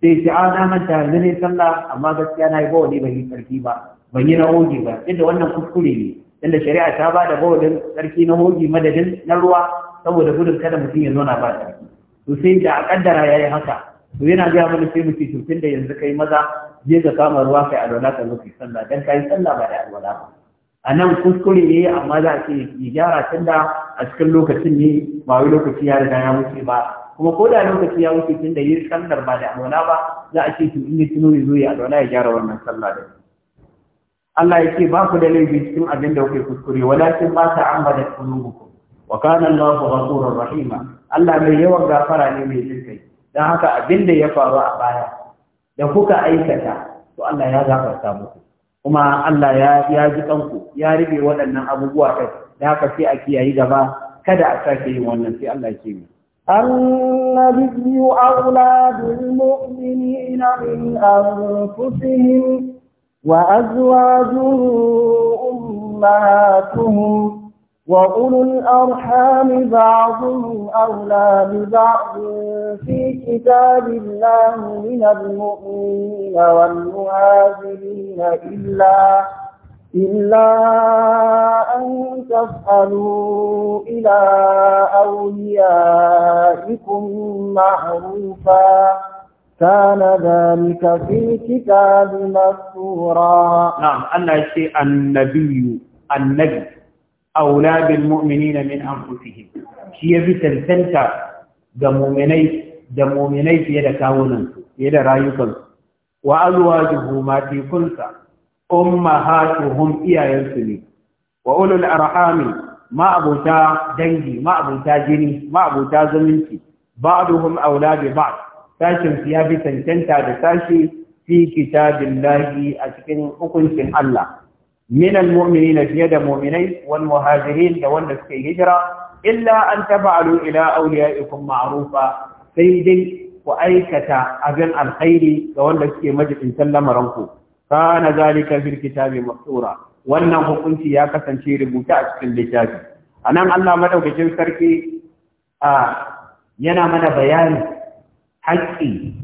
sai ce a na manta yanzu ne sallah amma gaskiya na yi bawali bai yi tsarki ba ban yi na hoji ba inda wannan kuskure ne inda shari'a ta ba da bawalin sarki na hoji madadin na ruwa saboda gudun kada mutum ya zauna ba sarki to sai da a kaddara yayi haka to yana ga mana sai muke to tunda yanzu kai maza je ka kama ruwa kai alwala ka zo kai sallah dan kai sallah ba da alwala ba a nan kuskure ne amma za a ce ya gyara tunda a cikin lokacin ne ba wai lokaci ya riga ya wuce ba kuma ko da lokaci ya wuce tun da yi sallar ba da alwala ba za a ce to in ya tuno ya zo ya alwala ya gyara wannan sallah da Allah ya ce ba ku da laifi cikin abin da kuke kuskure walakin ba ta ambadat kulubukum wa kana Allah ghafurur rahima Allah mai yawan gafara ne mai jinkai dan haka abin da ya faru a baya da kuka aikata to Allah ya gafarta muku kuma Allah ya ya ji kanku ya rige waɗannan abubuwa kai da haka sai a kiyaye gaba kada a sake yin wannan sai Allah ya ce النبي أولى بالمؤمنين من أنفسهم وأزواجه أمهاتهم وأولو الأرحام بعضهم أولى ببعض في كتاب الله من المؤمنين والمهاجرين إلا إلا أن تفعلوا إلى أوليائكم معروفاً كان ذلك في كتاب مسطورا نعم أن شيء النبي النبي أولى بالمؤمنين من أنفسهم شيء في تلتلتا دمومني دمومني في يد كاوننسو يد رايكنسو وأزواجه ما في كنسا أمهاتهم إيا ينسلي وأولو الأرحام ما أبوتا دنجي ما أبوتا جني ما أبوتا زمنتي بعضهم أولى ببعض sashin ya bi cancanta da sashi fi kitabillahi a cikin hukuncin Allah min na fiye da mu'minai wal muhajirin da wanda suke hijira illa an tafa'alu ila awliyaikum ma'rufa sai dai ku aikata abin alkhairi ga wanda suke majalisin ku kana zalika fil kitabi masura wannan hukunci ya kasance rubuta a cikin littafi anan Allah madaukakin sarki a yana mana bayani haƙƙi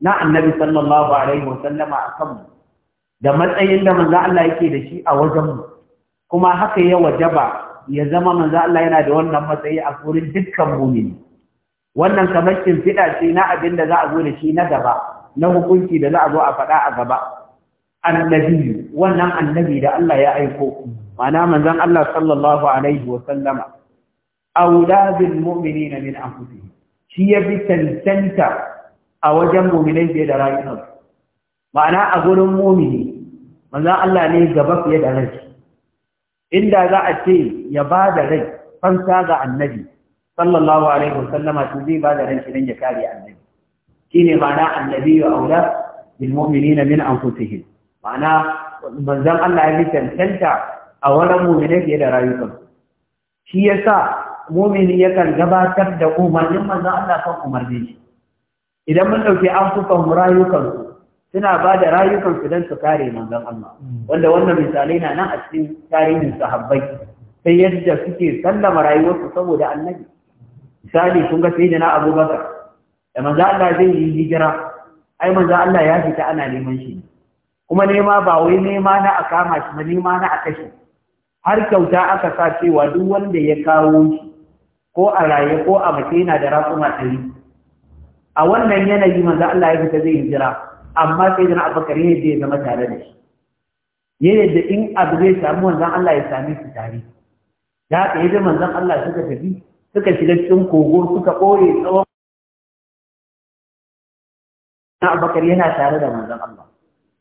na annabi sallallahu alaihi sallama a kanmu da matsayin da manzo Allah yake da shi a wajenmu kuma haka ya wajaba ya zama manzo Allah yana da wannan matsayi a gurin dukkan mumini wannan kamar fida ce na abin da za a zo da shi na gaba na hukunci da za a zo a faɗa a gaba annabi wannan annabi da Allah ya aiko ma'ana manzon Allah sallallahu alaihi wasallama aula bil mu'minina min anfusihim shi ya fi cancanta a wajen muminai fiye da rayuwar ma'ana a gurin mumini manzan Allah ne gaba fiye da rai inda za a ce ya ba da rai fansa ga annabi sallallahu alaihi wasallama to zai ba da rai shi ya kare annabi shine ma'ana annabi wa aula bil mu'minina min anfusihim ma'ana manzan Allah ya fi cancanta a wajen muminai fiye da rayuwar shi yasa mumini yakan gabatar da umarnin manzon Allah kan umarni shi idan mun dauke an kuka rayukan su suna ba da rayukan su don su kare manzon Allah wanda wannan misalai na nan a cikin tarihin sahabbai sai yadda suke sallama rayuwarsu saboda annabi misali kun ga sayyidina Abubakar da manzon Allah zai yi hijira ai manzon Allah ya fita ana neman shi kuma nema ba wai nema na a kama shi ba nema na a kashe har kyauta aka sa cewa duk wanda ya kawo shi ko a raye ko a mace yana da raƙuma ɗari a wannan yanayi manzo Allah ya fita zai hijira amma sai da Abubakar ne zai zama tare da shi yayin da in abu zai samu manzo Allah ya same su tare da haka yaje manzo Allah suka tafi suka shiga cikin kogo suka kore tsawon na Abubakar yana tare da manzo Allah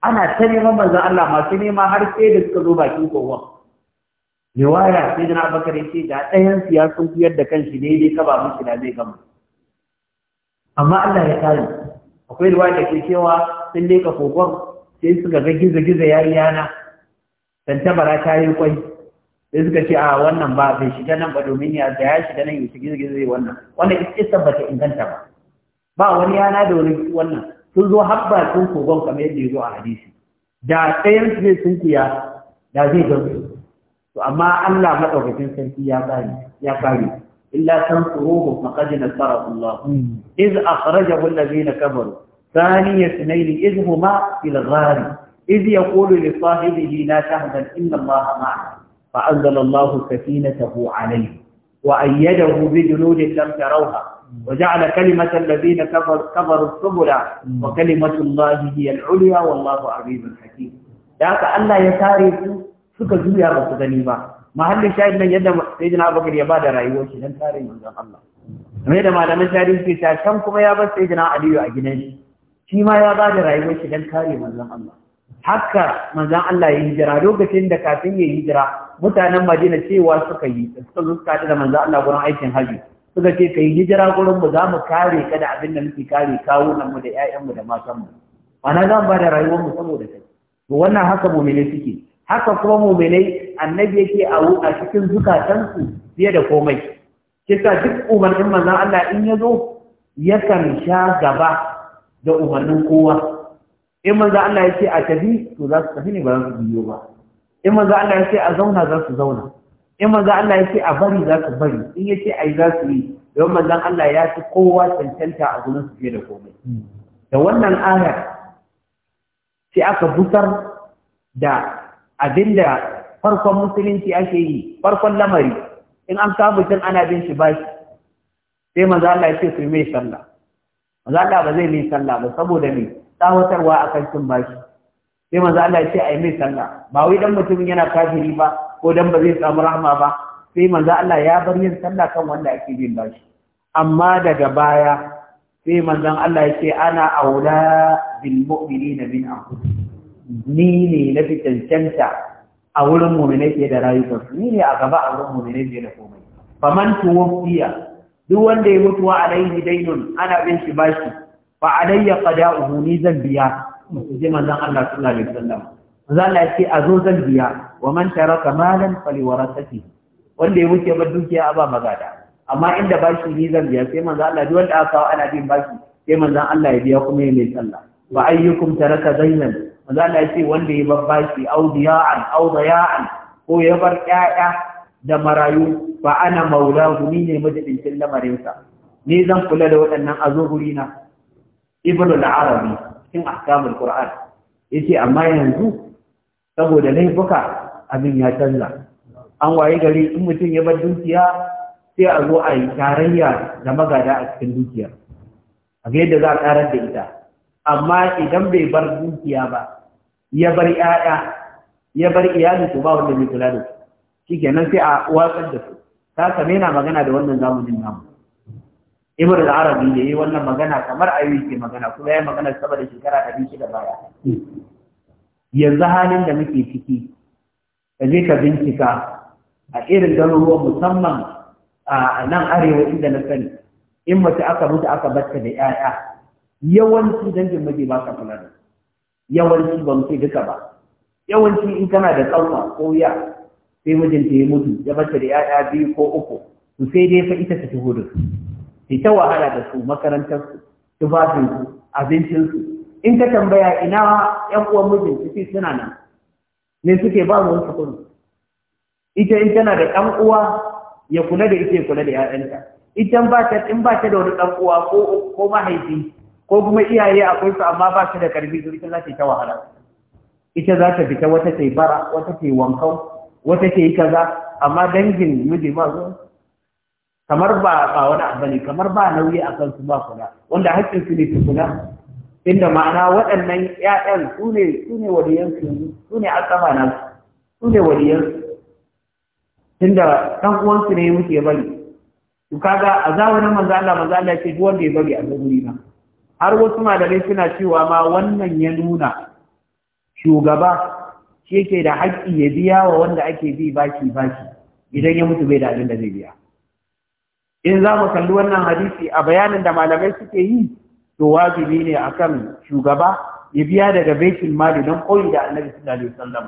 ana ta neman manzo Allah masu nema har sai da suka zo bakin kogon riwaya sai da abakar ya ce da ɗayan su ya sunkuyar da kanshi ne dai kaba mushi da zai gama amma Allah ya kare akwai riwaya da ke cewa sun leka kogon sai suka ga gizo-gizo ya yi yana tantabara ta yi kwai sai suka ce a wannan ba bai shiga nan ba domin ya da ya shiga nan ya shiga gizo zai wannan wannan iskisar ba ta inganta ba ba wani yana da wani wannan sun zo habba sun kogon kamar yadda ya zo a hadisi da ɗayan su zai sun kuya da zai gamsu to amma Allah madaukakin sarki ya kare ya kare illa tanquruhu faqad nasara Allah hmm. iz akhrajahu alladhina kafaru thaniya sunaini iz huma fil ghari iz yaqulu li sahibihi la tahzan inna Allah ma'ana fa anzala Allah sakinatahu alayhi wa ayyadahu bi junudin lam tarawha وجعل كلمة الذين كفر كفروا الصبر وكلمة الله هي العليا والله عظيم حكيم ذاك الله يثاري suka juya ba su gani ba mahallin shahid nan yadda sayyidina abubakar ya bada rayuwar shi dan tare manzon Allah kamar da malaman tarihi ke cewa can kuma ya bar sayyidina aliyu a gidan shi shi ma ya bada rayuwar shi dan kare manzon Allah haka manzon Allah ya hijira lokacin da kafin ya hijira mutanen Madina cewa suka yi suka zo suka da manzon Allah gurin aikin haji suka ce kai hijira gurin mu za mu kare ka da abin da muke kare kawunan mu da ƴaƴan mu da matan mu ana zan bada rayuwar mu saboda kai to wannan haka mu'mini suke haka kuma muminai annabi yake a cikin zukatansu fiye da komai kisa duk umarnin manzon Allah in ya zo yakan sha gaba da umarnin kowa in manzon Allah ya ce a tafi to za su tafi ne ba za su biyo ba in manzon Allah ya ce a zauna za su zauna in manzon Allah ya ce a bari za su bari in ya ce a yi za su yi don manzon Allah ya fi kowa cancanta a gurin su fiye da komai da wannan ayar sai aka busar da abinda farkon musulunci ake yi farkon lamari in an kama mutum ana bin shi bashi sai manzo Allah ya ce su mai sallah manzo Allah ba zai mai sallah ba saboda me tsawatarwa akan cin bashi sai manzo Allah ya ce a yi mai sallah ba wai dan mutum yana kafiri ba ko dan ba zai samu rahama ba sai manzo Allah ya bar yin sallah kan wanda ake bin bashi amma daga baya sai manzon Allah ya ce ana aula bil mu'minina min anfusihim ni ne na fi cancanta a wurin mu ne ke da rayukansu ni ne a gaba a wurin mu ne ke da komai faman tuwafiya duk wanda ya mutuwa alaihi dainun ana bin shi bashi fa alayya qada'uhu ni zan biya ji manzon Allah sallallahu alaihi wasallam manzon Allah ya ce a zo zan biya wa man taraka malan warasati wanda ya wuce ba dukiya a ba magada amma inda bashi ni zan biya sai manzon Allah duk wanda aka kawo ana bin bashi sai manzon Allah ya biya kuma ya mai sallah wa ayyukum taraka zainan Maza Allah ya ce wanda ya babbashi audiya'an audiya'an ko ya bar ƴaƴa da marayu fa ana maula ni ne majibincin lamarinsa ni zan kula da waɗannan azuhuri na ibnu al-arabi cikin ahkamul qur'an yace amma yanzu saboda laifuka abin ya canza an waye gari in mutum ya bar dukiya sai a zo a yi tarayya da magada a cikin dukiya a ga yadda za a karar da ita amma idan bai bar dukiya ba ya bar 'ya'ya, ya bar iyali to ba wanda mai kula da su shikenan sai a watsar da su ta same na magana da wannan zamanin namu ibn al-arabi ya yi wannan magana kamar ayu ke magana kuma ya magana saboda shekara da da baya yanzu halin da muke ciki ka je ka bincika a irin ruwa musamman a nan arewa inda na sani in mace aka mutu aka batta da 'ya'ya yawanci dangin maji ba ka kula da su yawanci ba mu ce duka ba yawanci in kana da kanwa ko ya sai mijinta ya mutu ya bata da ya'ya biyu ko uku su sai dai fa ita ta fi hudu su sai ta wahala da su makarantar su tufafin su abincin su in ka tambaya ina yan uwan mijin su suna nan ne suke ba mu wasu kudu ita in tana da ɗan uwa ya kula da ita ya kula da 'ya'yanta. ita in ba ta da wani ɗan uwa ko mahaifi ko kuma iyaye akwai su amma ba su da karfi to ita za ta yi ta wahala ita za ta fita wata ta yi bara wata ta yi wankan wata ta yi kaza amma dangin miji ma zo kamar ba ba wani abu ne kamar ba nauyi a kansu ba kula wanda haƙƙin su ne su kula inda ma'ana waɗannan ƴaƴan su ne su ne waliyan su ne alƙama na su ne su tunda ɗan uwansu ne muke bari to kaga a zamanin manzo Allah manzo Allah ya ce duk wanda ya bari a zo ba." na har wasu malamai suna cewa ma wannan ya nuna shugaba shi yake da haƙƙi ya biya wa wanda ake bi baki baki idan ya mutu bai da abin da zai biya in za mu kalli wannan hadisi a bayanin da malamai suke yi to wajibi ne akan shugaba ya biya daga baitul mali don koyi da annabi sallallahu alaihi wasallam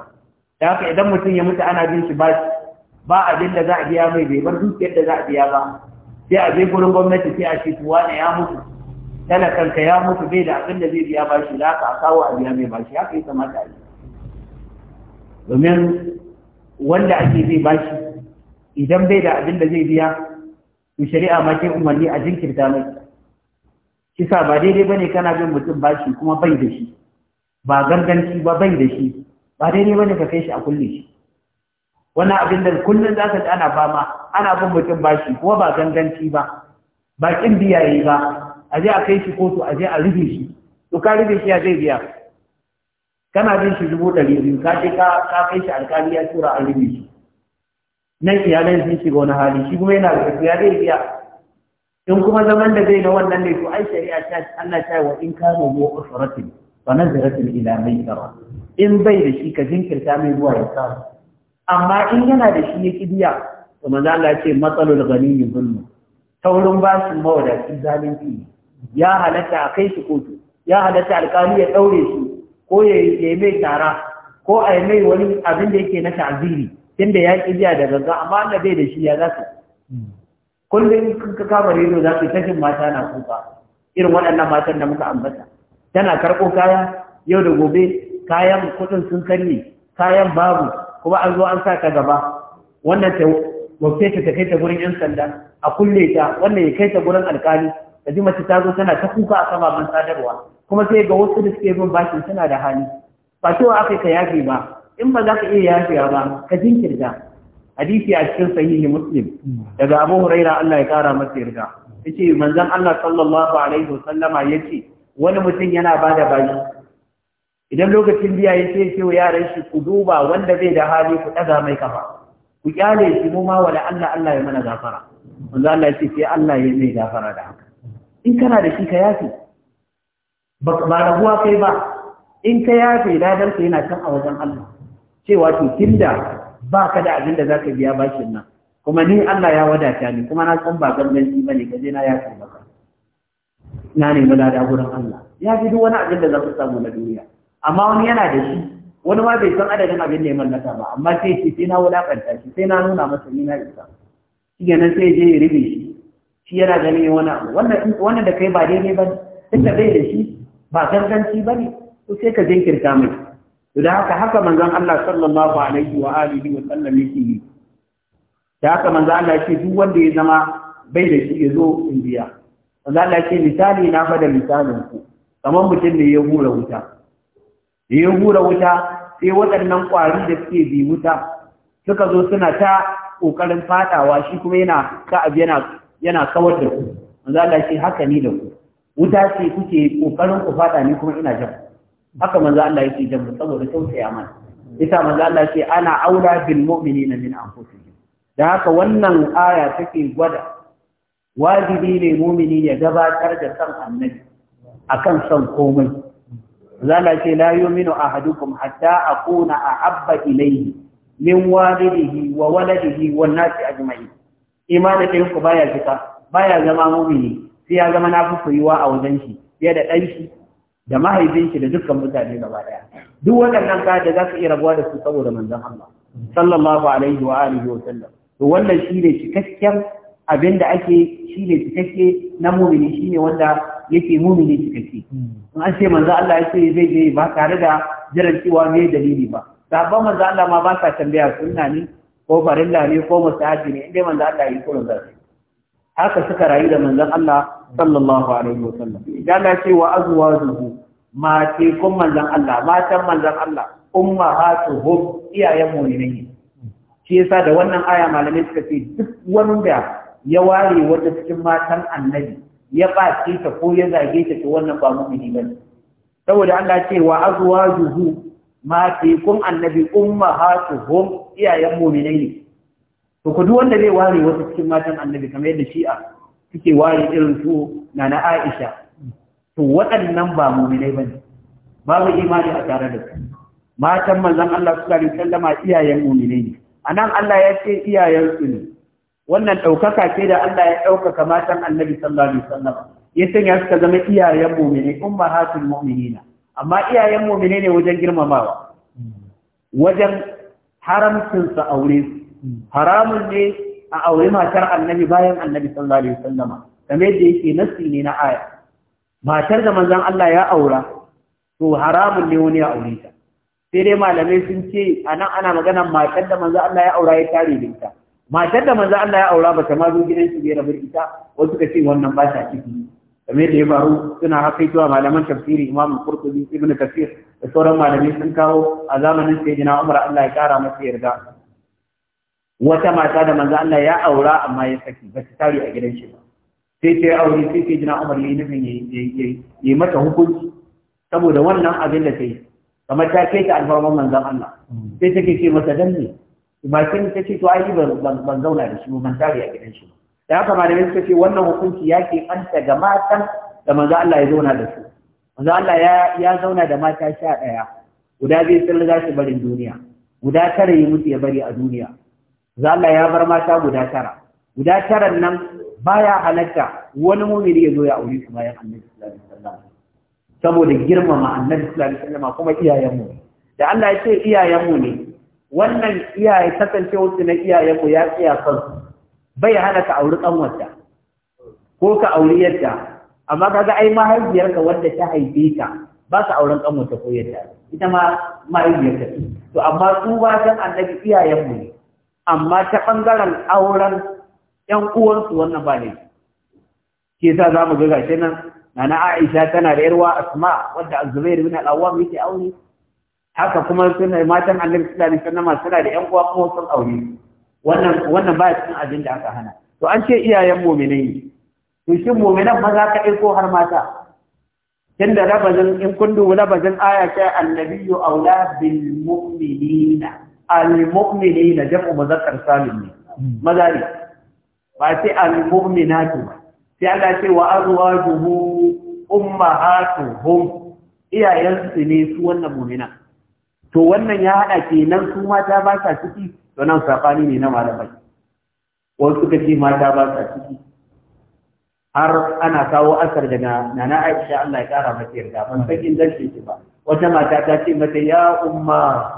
da haka idan mutum ya mutu ana bin shi baki ba abin da za a biya mai bai bar dukiyar da za a biya ba sai a je gurin gwamnati sai a ce tuwa ne ya mutu kanka ya mutu bai da abin da zai biya bashi laka a kawo a biya mai bashi haka yi kamata a yi domin wanda ake zai bashi idan bai da abin da zai biya to shari'a ma ke umarni a jinkirta mai kisa ba daidai bane kana bin mutum bashi kuma bai da shi ba ganganci ba bai da shi ba daidai bane ka kai shi a kulle shi wani abin da kullum za ka ji ana fama ana bin mutum bashi kuma ba ganganci ba ba kin biyaye ba a je a kai shi kotu a je a rufe shi to ka rufe shi ya zai biya kana bin shi dubu ɗari biyu ka je ka kai shi alkali ya tura an rufe shi nan iyalan sun shiga wani hali shi kuma yana da ya zai biya in kuma zaman da zai na wannan ne to ai shari'a ta Allah ta yi wa in mu wa usratin fa nazratin ila maisara in bai da shi ka jinkirta mai zuwa ya sa. amma in yana da shi ya kibiya to manzo Allah ya ce matsalul ghaniyyu zulmu taurin su mawadaci zalunci ne ya halatta a kai shi kotu ya halatta alkali ya daure su, ko ya yi mai tara ko a yi mai wani abin da yake na ta'aziri tunda ya ki biya da gaggawa amma Allah bai da shi ya za su kullum ka kama rediyo za su tashin mata na kuka irin waɗannan matan da muka ambata tana karɓo kaya yau da gobe kayan kuɗin sun karye kayan babu kuma an zo an sa ta gaba wannan ta wafe ta kai ta gurin 'yan sanda a kulle ta wannan ya kai ta gurin alkali ka mace ta zo tana ta kuka a sababan sadarwa kuma sai ga wasu da suke bin bashi suna da hali ba cewa aka ka yafe ba in ba za ka iya yafewa ba ka jinkirta hadisi a cikin sahihi muslim daga abu huraira Allah ya kara masa yarda yace manzon Allah sallallahu alaihi wasallama yace wani mutum yana bada bayi idan lokacin biya ya ce ce yaran shi ku duba wanda bai da hali ku daga mai kafa ku kyale shi mu ma wala Allah Allah ya mana gafara manzon Allah yace sai Allah ya mai gafara da haka in kana da shi ka yafe ba rabuwa kai ba in ka yafe da ladarsa yana can a wajen Allah cewa to tunda ba ka da abin da zaka ka biya bashin nan kuma ni Allah ya wadata ni kuma na san ba ganganci ba ne gaje na yafe ba na nemi da gurin Allah ya fi duk wani abin da za samu na duniya amma wani yana da shi wani ma bai san adadin abin da ya mallaka ba amma sai ce sai na wulakanta shi sai na nuna masa ni na isa shi sai je ya ribe shi shi yana ganin wani abu wannan da kai ba daidai ba ne inda bai da shi ba ganganci ba ne ko sai ka jinkirta mai to da haka haka manzon Allah sallallahu alaihi wa alihi wa sallam yake yi da haka manzon Allah yake duk wanda ya zama bai da shi ya zo in biya manzon Allah yake misali na fada misalin ku kamar mutum ne ya hura wuta ya hura wuta sai waɗannan ƙwari da suke bi wuta suka zo suna ta ƙoƙarin fadawa shi kuma yana ka abu yana yana kawar da ku manzo Allah ce haka ni da ku wuta ce kuke ƙoƙarin ku fada ni kuma ina jan haka manzo Allah yake jan mu saboda tausaya mana ita manzo Allah ce ana aula bil mu'minina min anfusihim da haka wannan aya take gwada wajibi ne mu'mini ya gabatar da san annabi akan san komai zala ce la yu'minu ahadukum hatta akuna ahabba ilayhi min walidihi wa waladihi wan nasi ajma'in imanin ɗin ku baya fita baya zama mumini sai ya zama na fi a wajen shi fiye da ɗanshi, shi da mahaifin shi da dukkan mutane gaba ɗaya duk waɗannan ka da za ka iya rabuwa da su saboda manzon Allah sallallahu alaihi wa alihi wa sallam to wannan shi ne cikakken abinda da ake shi ne cikakke na mumini shi ne wanda yake mumini cikakke in an ce manzon Allah ya ce zai je ba tare da jiran cewa me dalili ba sabon manzo Allah ma ba sa tambaya sunna ne ko farilla ne ko musahabi ne inda manzo Allah yi kullun zai haka suka rayu da manzon Allah sallallahu alaihi wasallam idan Allah ce wa azwajuhu ce kun manzon Allah matan manzon Allah ummahatuhum iyayen mu'minin shi yasa da wannan aya malamai suka ce duk wanda ya ware wata cikin matan annabi ya ɓace ta ko ya zage ta to wannan ba mu'mini bane saboda Allah ce wa azwajuhu kun annabi umma hum iyayen mu'minai ne to ku duk wanda zai ware wasu cikin matan annabi kamar yadda shi'a suke ware irin su na na Aisha to waɗannan ba mu'minai bane babu imani a tare da su matan manzon Allah sallallahu alaihi sallama iyayen mu'minai ne anan Allah ya ce iyayen su ne wannan daukaka ce da Allah ya ɗaukaka matan annabi sallallahu alaihi wasallam yasan ya suka zama iyayen mu'minai umma hatu mu'minina amma iyayen mu ne wajen girmamawa wajen haramcin sa aure haramun ne a aure matar annabi bayan annabi sallallahu alaihi wasallama kamar yadda yake nasi ne na aya matar da manzon Allah ya aura to haramun ne wani ya aure ta sai dai malamai sun ce anan ana magana matar da manzon Allah ya aura ya tare da ita matar da manzon Allah ya aura bata ma zo gidan shi bai rabu ita wasu ka ce wannan ba ta ciki kamar da ya faru suna haka zuwa malaman tafsiri imam qurtubi Ibn kasir da sauran malamai sun kawo a zamanin jina umar Allah ya kara masa yarda wata mata da manzo Allah ya aura amma ya saki ba ta tare a gidan shi ba sai ta aure sai ta jina Umar yi nufin yi mata hukunci saboda wannan abin da ta yi kamar ta kai ta alfarman manzon Allah sai take ce masa danne ba kin ta ce to ai ban zauna da shi ba, ban tare a gidan shi ba da haka malamin suka ce wannan hukunci ya ke anta ga matan da manzo Allah ya zauna da su manzo Allah ya ya zauna da mata sha ɗaya guda biyu sun riga shi barin duniya guda tara yi mutu ya bari a duniya manzo Allah ya bar mata guda tara guda taran nan baya halatta wani mumini ya zo ya aure su bayan Annabi sallallahu alaihi wasallam saboda girmama Annabi sallallahu alaihi wasallam kuma iyayenmu da Allah ya ce iyayenmu ne wannan iyaye kasancewa su na iyayenmu ya tsaya kansu bai hana ka auri ƙanwarta ko ka auri yadda. amma ga ai mahaifiyarka wadda ta haife ka ba ka auren ƙanwarta ko yadda. ita ma mahaifiyarka ce to amma su ba san annabi iyayenmu ne amma ta ɓangaren auren ƴan uwansu wannan ba ne ke sa za mu ga gashi nan nana Aisha tana da yarwa Asma wadda azubair bin Al-Awwam yake aure haka kuma suna matan Annabi sallallahu alaihi wasallam suna da ƴan uwa kuma sun aure wannan wannan ya cikin abin da aka hana to an ce iyayen mu'minai to shin mu'minan maza kaɗai ko har mata tunda rabazin in kun dubi rabazin aya ce annabiyyu aula bil mu'minina al mu'minina jam'u muzakkar salim ne maza ne ba sai al mu'minatu ba sai Allah ce wa azwajuhu ummahatuhum iyayensu ne su wannan mu'mina to wannan ya hada kenan su mata ba sa ciki Wannan sabani ne na malamai wasu suka ce mata ba sa ciki har ana kawo asar daga nana Aisha Allah ya kara mata yarda ban san ingancin shi ba wata mata ta ce mata ya umma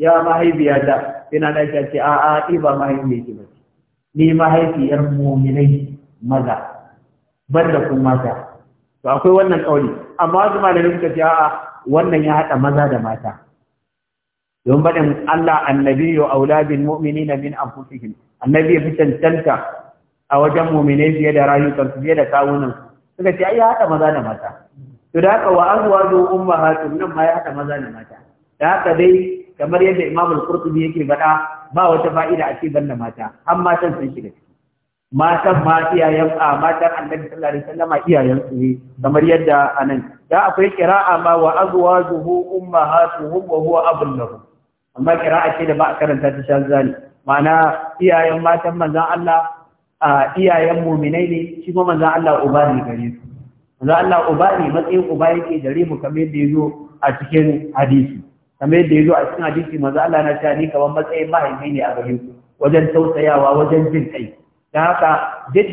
ya da ina da shi ce a a ba ki ba ni mahaifiyar mu'minai maza banda kun mata to akwai wannan kauli amma wasu malamai suka ce a wannan ya hada maza da mata don baɗin Allah annabi yau auladin mu'mini na min amfusihim annabi ya fi cancanta a wajen mu'mine fiye da rayukan fiye da kawunan suka ce ai ya haɗa maza da mata to da haka wa azwaju ummahatum nan ma ya haɗa maza da mata da haka dai kamar yadda Imam al-Qurtubi yake faɗa ba wata fa'ida a cikin da mata an matan sun shiga ciki matan ma iyayen a matan Annabi sallallahu alaihi wasallama iyayen su ne kamar yadda anan da akwai kira'a ma wa azwajuhu ummahatuhum wa huwa abun lahum amma kira ake da ba a karanta ta shazani ma'ana iyayen matan manzan Allah a iyayen muminai ne shi kuma manzan Allah uba ne gare su manzan Allah uba ne matsayin uba yake gare mu kamar yadda ya zo a cikin hadisi kamar yadda ya zo a cikin hadisi manzan Allah na cewa ni kamar matsayin mahaifi ne a gare ku wajen tausayawa wajen jin kai da haka duk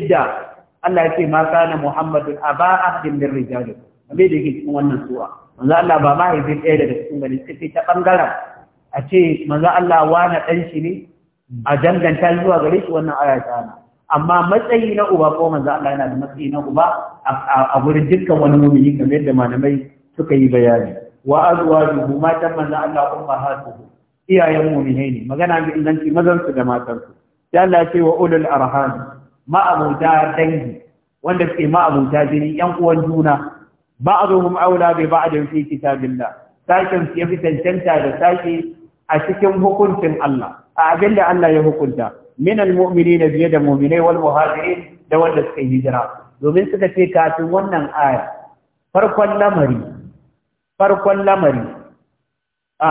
Allah ya ce ma kana Muhammadun aba ahdin min rijalikum kamar yadda yake cikin wannan sura manzan Allah ba mahaifin ɗaya daga cikin gani sai ta bangaren a ce manzo Allah wani dan shi ne a danganta zuwa gare shi wannan aya ta na amma matsayi na uba ko manzo Allah yana da matsayi na uba a gurin dukkan wani mumini kamar yadda malamai suka yi bayani wa azwajuhu matan manzo Allah ummahatuhu iyayen muminai ne magana ga inganci mazan su da matan su sai Allah ya ce wa ulul arham ma'abuta dangi wanda suke ma'abuta jini yan uwan juna بعضهم أولى ببعض في كتاب الله ساكن في فتنشنتا da sake a cikin hukuncin Allah a abin da Allah ya hukunta minal na biye da mu'minai wal muhajiri da wanda suka hijira domin suka ce kafin wannan aya farkon lamari farkon lamari a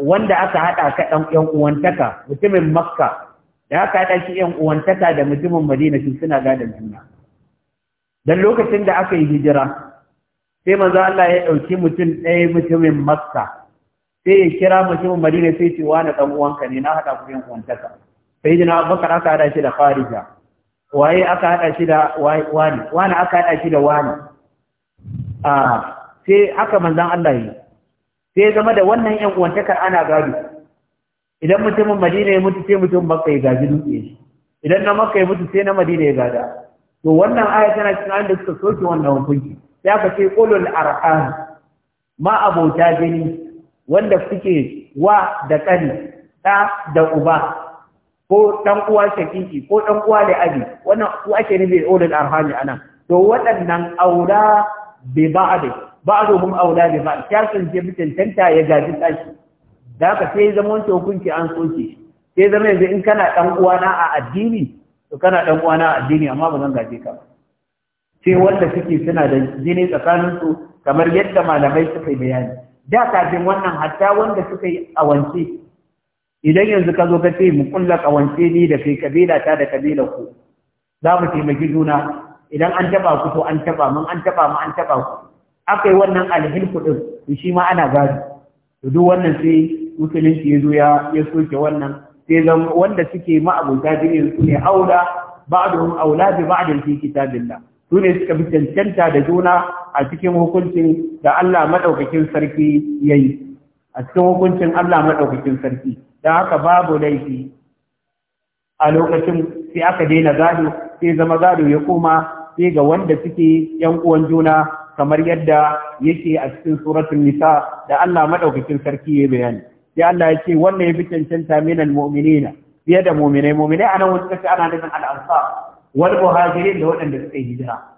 wanda aka hada ka dan yan uwantaka mutumin makka da aka hada shi yan uwantaka da mutumin madina su suna gadan juna dan lokacin da aka yi hijira sai manzo Allah ya dauki mutum ɗaya mutumin makka sai ya kira mutumin madina sai ce wani dan uwanka ne na haɗa ku yan uwantaka sai jina abubakar aka haɗa shi da Farija. waye aka haɗa shi da wani wani aka haɗa shi da wani a sai haka manzon Allah yi sai ya zama da wannan yan uwantakar ana gado idan mutumin madina ya mutu sai mutum makka ya gaji dutse shi idan na makka ya mutu sai na madina ya gada to wannan aya tana cikin ayin da suka soke wannan hukunci sai aka ce qulul arham ma abota jini wanda suke wa da ƙari, ɗa da uba ko ɗan uwa shakiki ko ɗan uwa da abi wannan ku ake nufi ulul arhami anan to waɗannan aula bi ba'd ba'dhum aula bi ba'd sharkin je mutum tanta ya gaji tashi da ka sai zama wancan hukunci an soke sai zama yanzu in kana ɗan na a addini to kana ɗan na a addini amma ba zan gaje ka sai wanda suke suna da jini tsakaninsu kamar yadda malamai suka bayani da kafin wannan hatta wanda suka yi awance, idan yanzu ka zo ka ce mu kulla ƙawance ni da kai kabila ta da kabila ku za mu taimaki juna idan an taba ku to an taba mun an taba mu an taba ku akai wannan alhilku din to shi ma ana gado to duk wannan sai musulunci ya zo ya ya soke wannan sai zan wanda suke ma abota jini su ne aula ba'dhum aula bi ba'd fi kitabillah su ne suka bi cancanta da juna a cikin hukuncin da Allah maɗaukakin sarki ya yi, a cikin hukuncin Allah maɗaukakin sarki, don haka babu laifi a lokacin sai aka daina gado, sai zama gado ya koma sai ga wanda suke ‘yan uwan juna kamar yadda yake a cikin suratun nisa da Allah maɗaukakin sarki ya bayani. Sai Allah ya ce, wannan ya fi cancanta minal mu'minina, fiye da mu'minai, mu'minai a nan wasu ana nufin al'ansa, wal muhajirin da waɗanda suka yi hijira.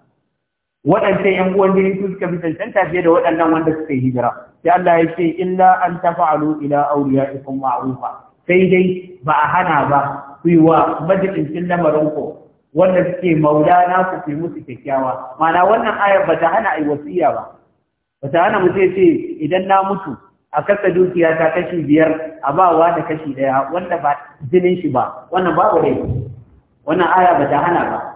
waɗancan ‘yan uwan jini su suka fi cancanta fiye da waɗannan wanda suka yi hijira. Sai Allah ya ce, Illa an tafa'alu ila auliya ikon ma'arufa, sai dai ba a hana ba ku yi wa lamarin ku wanda suke na ku fi musu kyakkyawa. Ma'ana wannan ayar ba ta hana a yi wasiya ba. Ba ta hana mutum ce idan na mutu a kasa dukiya ta kashi biyar a ba wa da kashi ɗaya wanda ba jinin shi ba wannan babu dai. Wannan aya ba ta hana ba.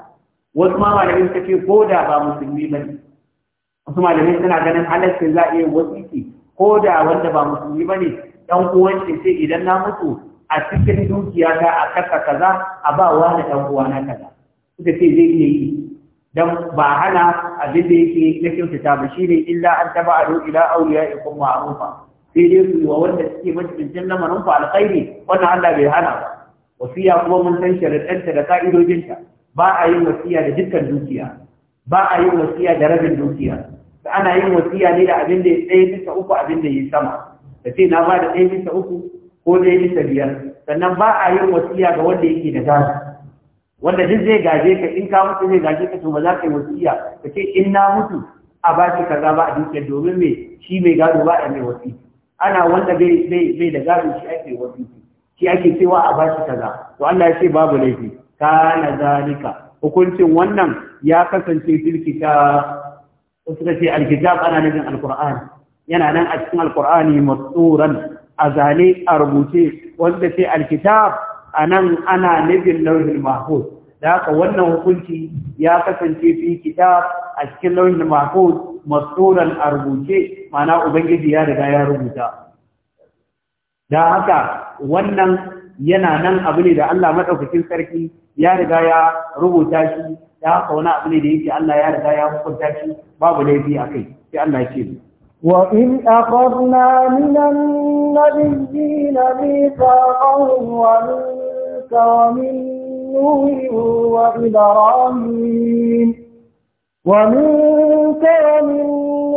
wasu ma malamai suka ce ko da ba musulmi ba ne wasu malamai suna ganin halarci za a iya wasiki ko da wanda ba musulmi ba ne ɗan uwanci sai idan na mutu a cikin dukiya ta a kasa kaza a ba wa da ɗan uwana kaza suka ce zai iya yi dan ba hana abin da yake na kyautata ba shine illa an taba ado ila kuma a ma'rufa sai dai su wa wanda suke majibincin lamarin ku alkhairi wannan Allah bai hana ba wasiya kuma mun san sharaɗanta da ka'idojinta ba a yin wasiya da dukkan dukiya ba a yin wasiya da rabin dukiya da ana yin wasiya ne da abin da ya tsaye bisa uku abin da ya sama da ce na ba da tsaye bisa uku ko tsaye bisa biyar sannan ba a yin wasiya ga wanda yake da gaji wanda duk zai gaje ka in ka mutu zai gaje ka to ba za ka yi wasiya ka ce in na mutu a ba shi kaza ba a dukiya domin me shi mai gado ba a mai wasi ana wanda bai da gado shi ake wasi shi ake cewa a ba shi kaza to Allah ya ce babu laifi kana zalika hukuncin wannan ya kasance fil Wasu da ce alkitab ana nufin alqur'ani yana nan a cikin alqur'ani masturan a zane a rubuce wanda ce alkitab a nan ana nufin lauhin mahfuz da haka wannan hukunci ya kasance fi kitab a cikin lauhin mahfuz masuran a rubuce mana ubangiji ya riga ya rubuta da haka wannan yana nan abu ne da Allah maɗaukakin sarki ya riga ya rubuta shi ya haka wani abu ne da yake Allah ya riga ya hukunta shi babu laifi a kai sai Allah ya ce mu. Wa in akharna minan nabiyyina mithaqahum wa minka wa min nuhu wa ibrahim wa minka wa min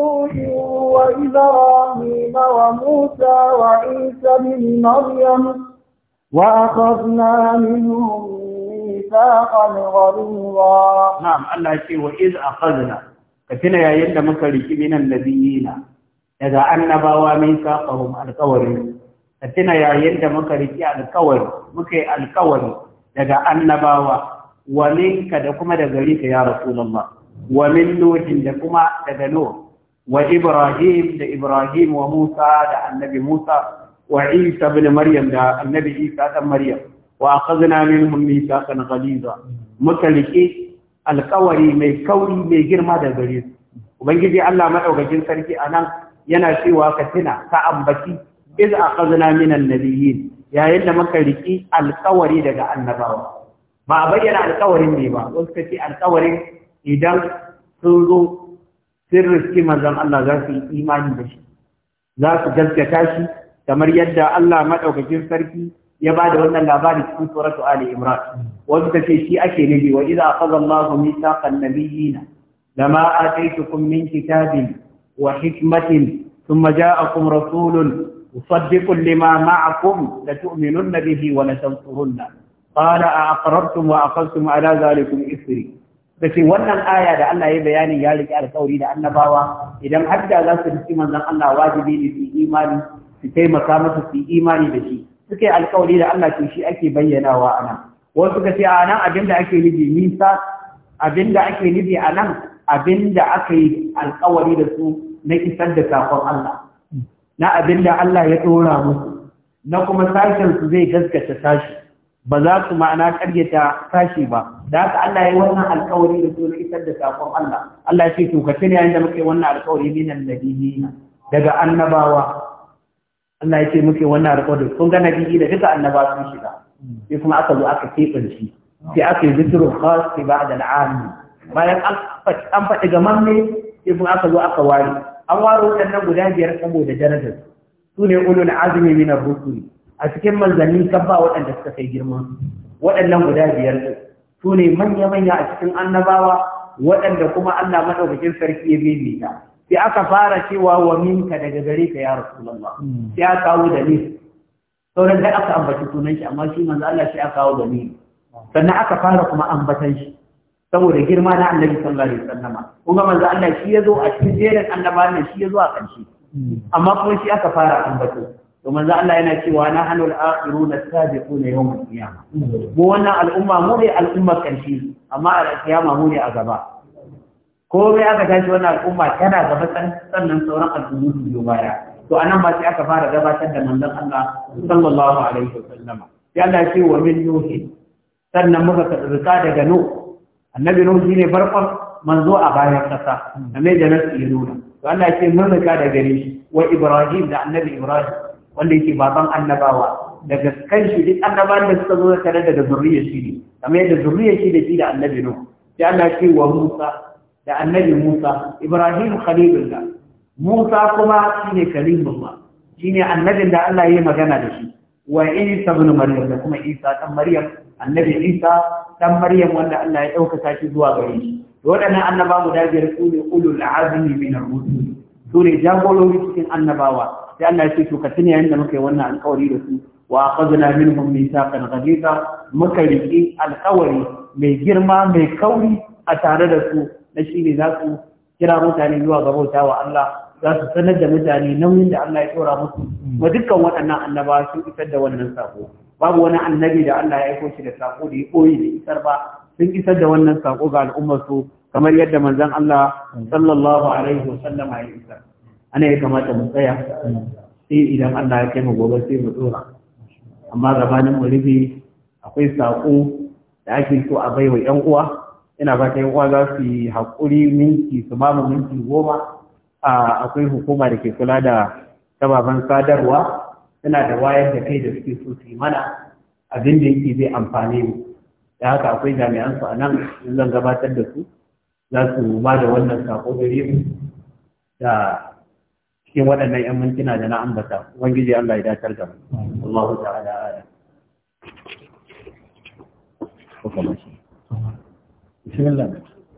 nuhu wa ibrahim wa musa wa isa min maryam وأخذنا منهم ميثاقا غليظا نعم الله يقول وإذ أخذنا كتنا يا يد مكرك من النبيين إذا أنبوا ميثاقهم القول كتنا يا يد مكرك القول مكي القول إذا أنبوا ومنك دكما دغريك يا رسول الله ومن نوح دكما دغنوح وإبراهيم دا إبراهيم وموسى دا النبي موسى wa Isa ibn Maryam da Annabi Isa dan Maryam wa akhadna minhum mithaqan ghaliza muka rike alƙawari mai kauri mai girma da gare su ubangiji Allah madaukakin sarki anan yana cewa ka tuna ka ambaci iz akhadna minan nabiyyin yayin da muka riki alƙawari daga annabawa ba a bayyana alƙawarin ne ba wasu kace alƙawarin idan sun zo sun Allah za su yi imani da shi za su gaskata shi kamar yadda Allah maɗaukakin sarki ya ba da wannan labari cikin suratu Ali Imran wasu kace shi ake nufi wa idza akhadha Allahu mithaqan nabiyina lama ataytukum min kitabin wa hikmatin thumma ja'akum rasulun musaddiqun lima ma'akum latu'minunna bihi wa latansurunna qala aqrartum wa aqadtum ala zalikum isri dace wannan aya da Allah ya bayani ya rike alƙawari da annabawa idan har da za su rike manzon Allah wajibi ne su imani su taimaka masa su imani da shi suka yi alkawari da Allah to shi ake bayyanawa a nan wasu suka ce a nan abin da ake nufi nisa abin da ake nufi a nan abin da aka yi alkawari da su na isar da sakon Allah na abin da Allah ya ɗora musu na kuma sashen su zai gaskata sashi ba za su ma'ana karyata sashi ba da haka Allah ya yi wannan alkawari da su na isar da sakon Allah Allah ya ce to ka tuna yayin da muke wannan alkawari minan nabiyina daga annabawa Allah ya ce muke wannan rikodin kun ga nabi da duka annaba sun shiga sai kuma aka zo aka keɓance sai aka yi zikirin khasi ba da al'ami bayan an faɗi ga ne sai kuma aka zo aka ware an ware waɗannan guda biyar saboda darajar su ne ulul azumi min ar-rusul a cikin manzanni kan ba waɗanda suka kai girman waɗannan guda biyar su ne manya-manya a cikin annabawa waɗanda kuma Allah madaukakin sarki ya bebe ta sai aka fara cewa wa minka daga gare ka ya rasulullah hmm. sai aka kawo dalil sauran da aka ambaci sunan shi amma shi manzo Allah sai aka kawo dalil sannan aka fara kuma ambatan shi saboda girma na annabi sallallahu alaihi wasallam kuma manzo Allah shi yazo a cikin jerin annabawan nan shi yazo a ƙarshe hmm. amma kuma shi aka fara ambato to manzo Allah yana cewa na hanul akhiruna sabiquna yawm al-qiyamah hmm. mu wannan al'umma mu ne al'umma ƙarshe amma a kiyama mu ne a gaba komai aka tashi wannan al'umma tana gaba sannan sauran al'ummu su biyo baya to anan ba sai aka fara gabatar da manzon Allah sallallahu alaihi wasallama sai Allah ce wa min nuhi sannan muka tsarka daga nu annabi nuhu shine farkon manzo a bayan kasa annabi da nasu ya nuna to Allah ce mun rika da gare shi wa Ibrahim da annabi Ibrahim wanda yake baban annabawa daga kan shi duk annabawan da suka zo tare daga zuriyar shi ne kamar yadda zuriyar shi da shi da annabi nuhu sai Allah ce wa Musa da annabi Musa Ibrahim khalilullah Musa kuma shine kalimullah ne annabin da Allah ya magana da shi wa Isa ibn Maryam da kuma Isa dan Maryam annabi Isa dan Maryam wanda Allah ya ɗaukaka shi zuwa gare shi to annaba guda biyar su ne ulul azmi min ar-rusul su ne jagorori cikin annabawa sai Allah ya ce to ka tuna yayin da muka yi wannan alƙawari da su wa akhadna minhum mithaqan ghaliza muka riki alƙawari mai girma mai kauri a tare da su na shi ne za su kira mutane zuwa ga bauta wa Allah za su sanar da mutane nauyin da Allah ya tsora musu Ba dukkan waɗannan annaba sun isar da wannan sako babu wani annabi da Allah ya aiko shi da sako da ya koyi da isar ba sun isar da wannan sako ga al'ummar su kamar yadda manzon Allah sallallahu alaihi wasallam ya isa. ana ya kamata mu tsaya sai idan Allah ya kai mu gobe sai mu tsora amma gabanin mu akwai sako da ake so a baiwa 'yan uwa ina ba ta uwa za su yi haƙuri minti su ba mu minti goma akwai hukuma da ke kula da sababan sadarwa suna da wayar da kai da suke so su yi mana abin da yake zai amfani mu da haka akwai jami'an su a nan in zan gabatar da su za su ba da wannan sako gare mu da cikin waɗannan 'yan mintuna da na ambata ubangiji Allah ya dacar da mu Allahu ta'ala 听不见。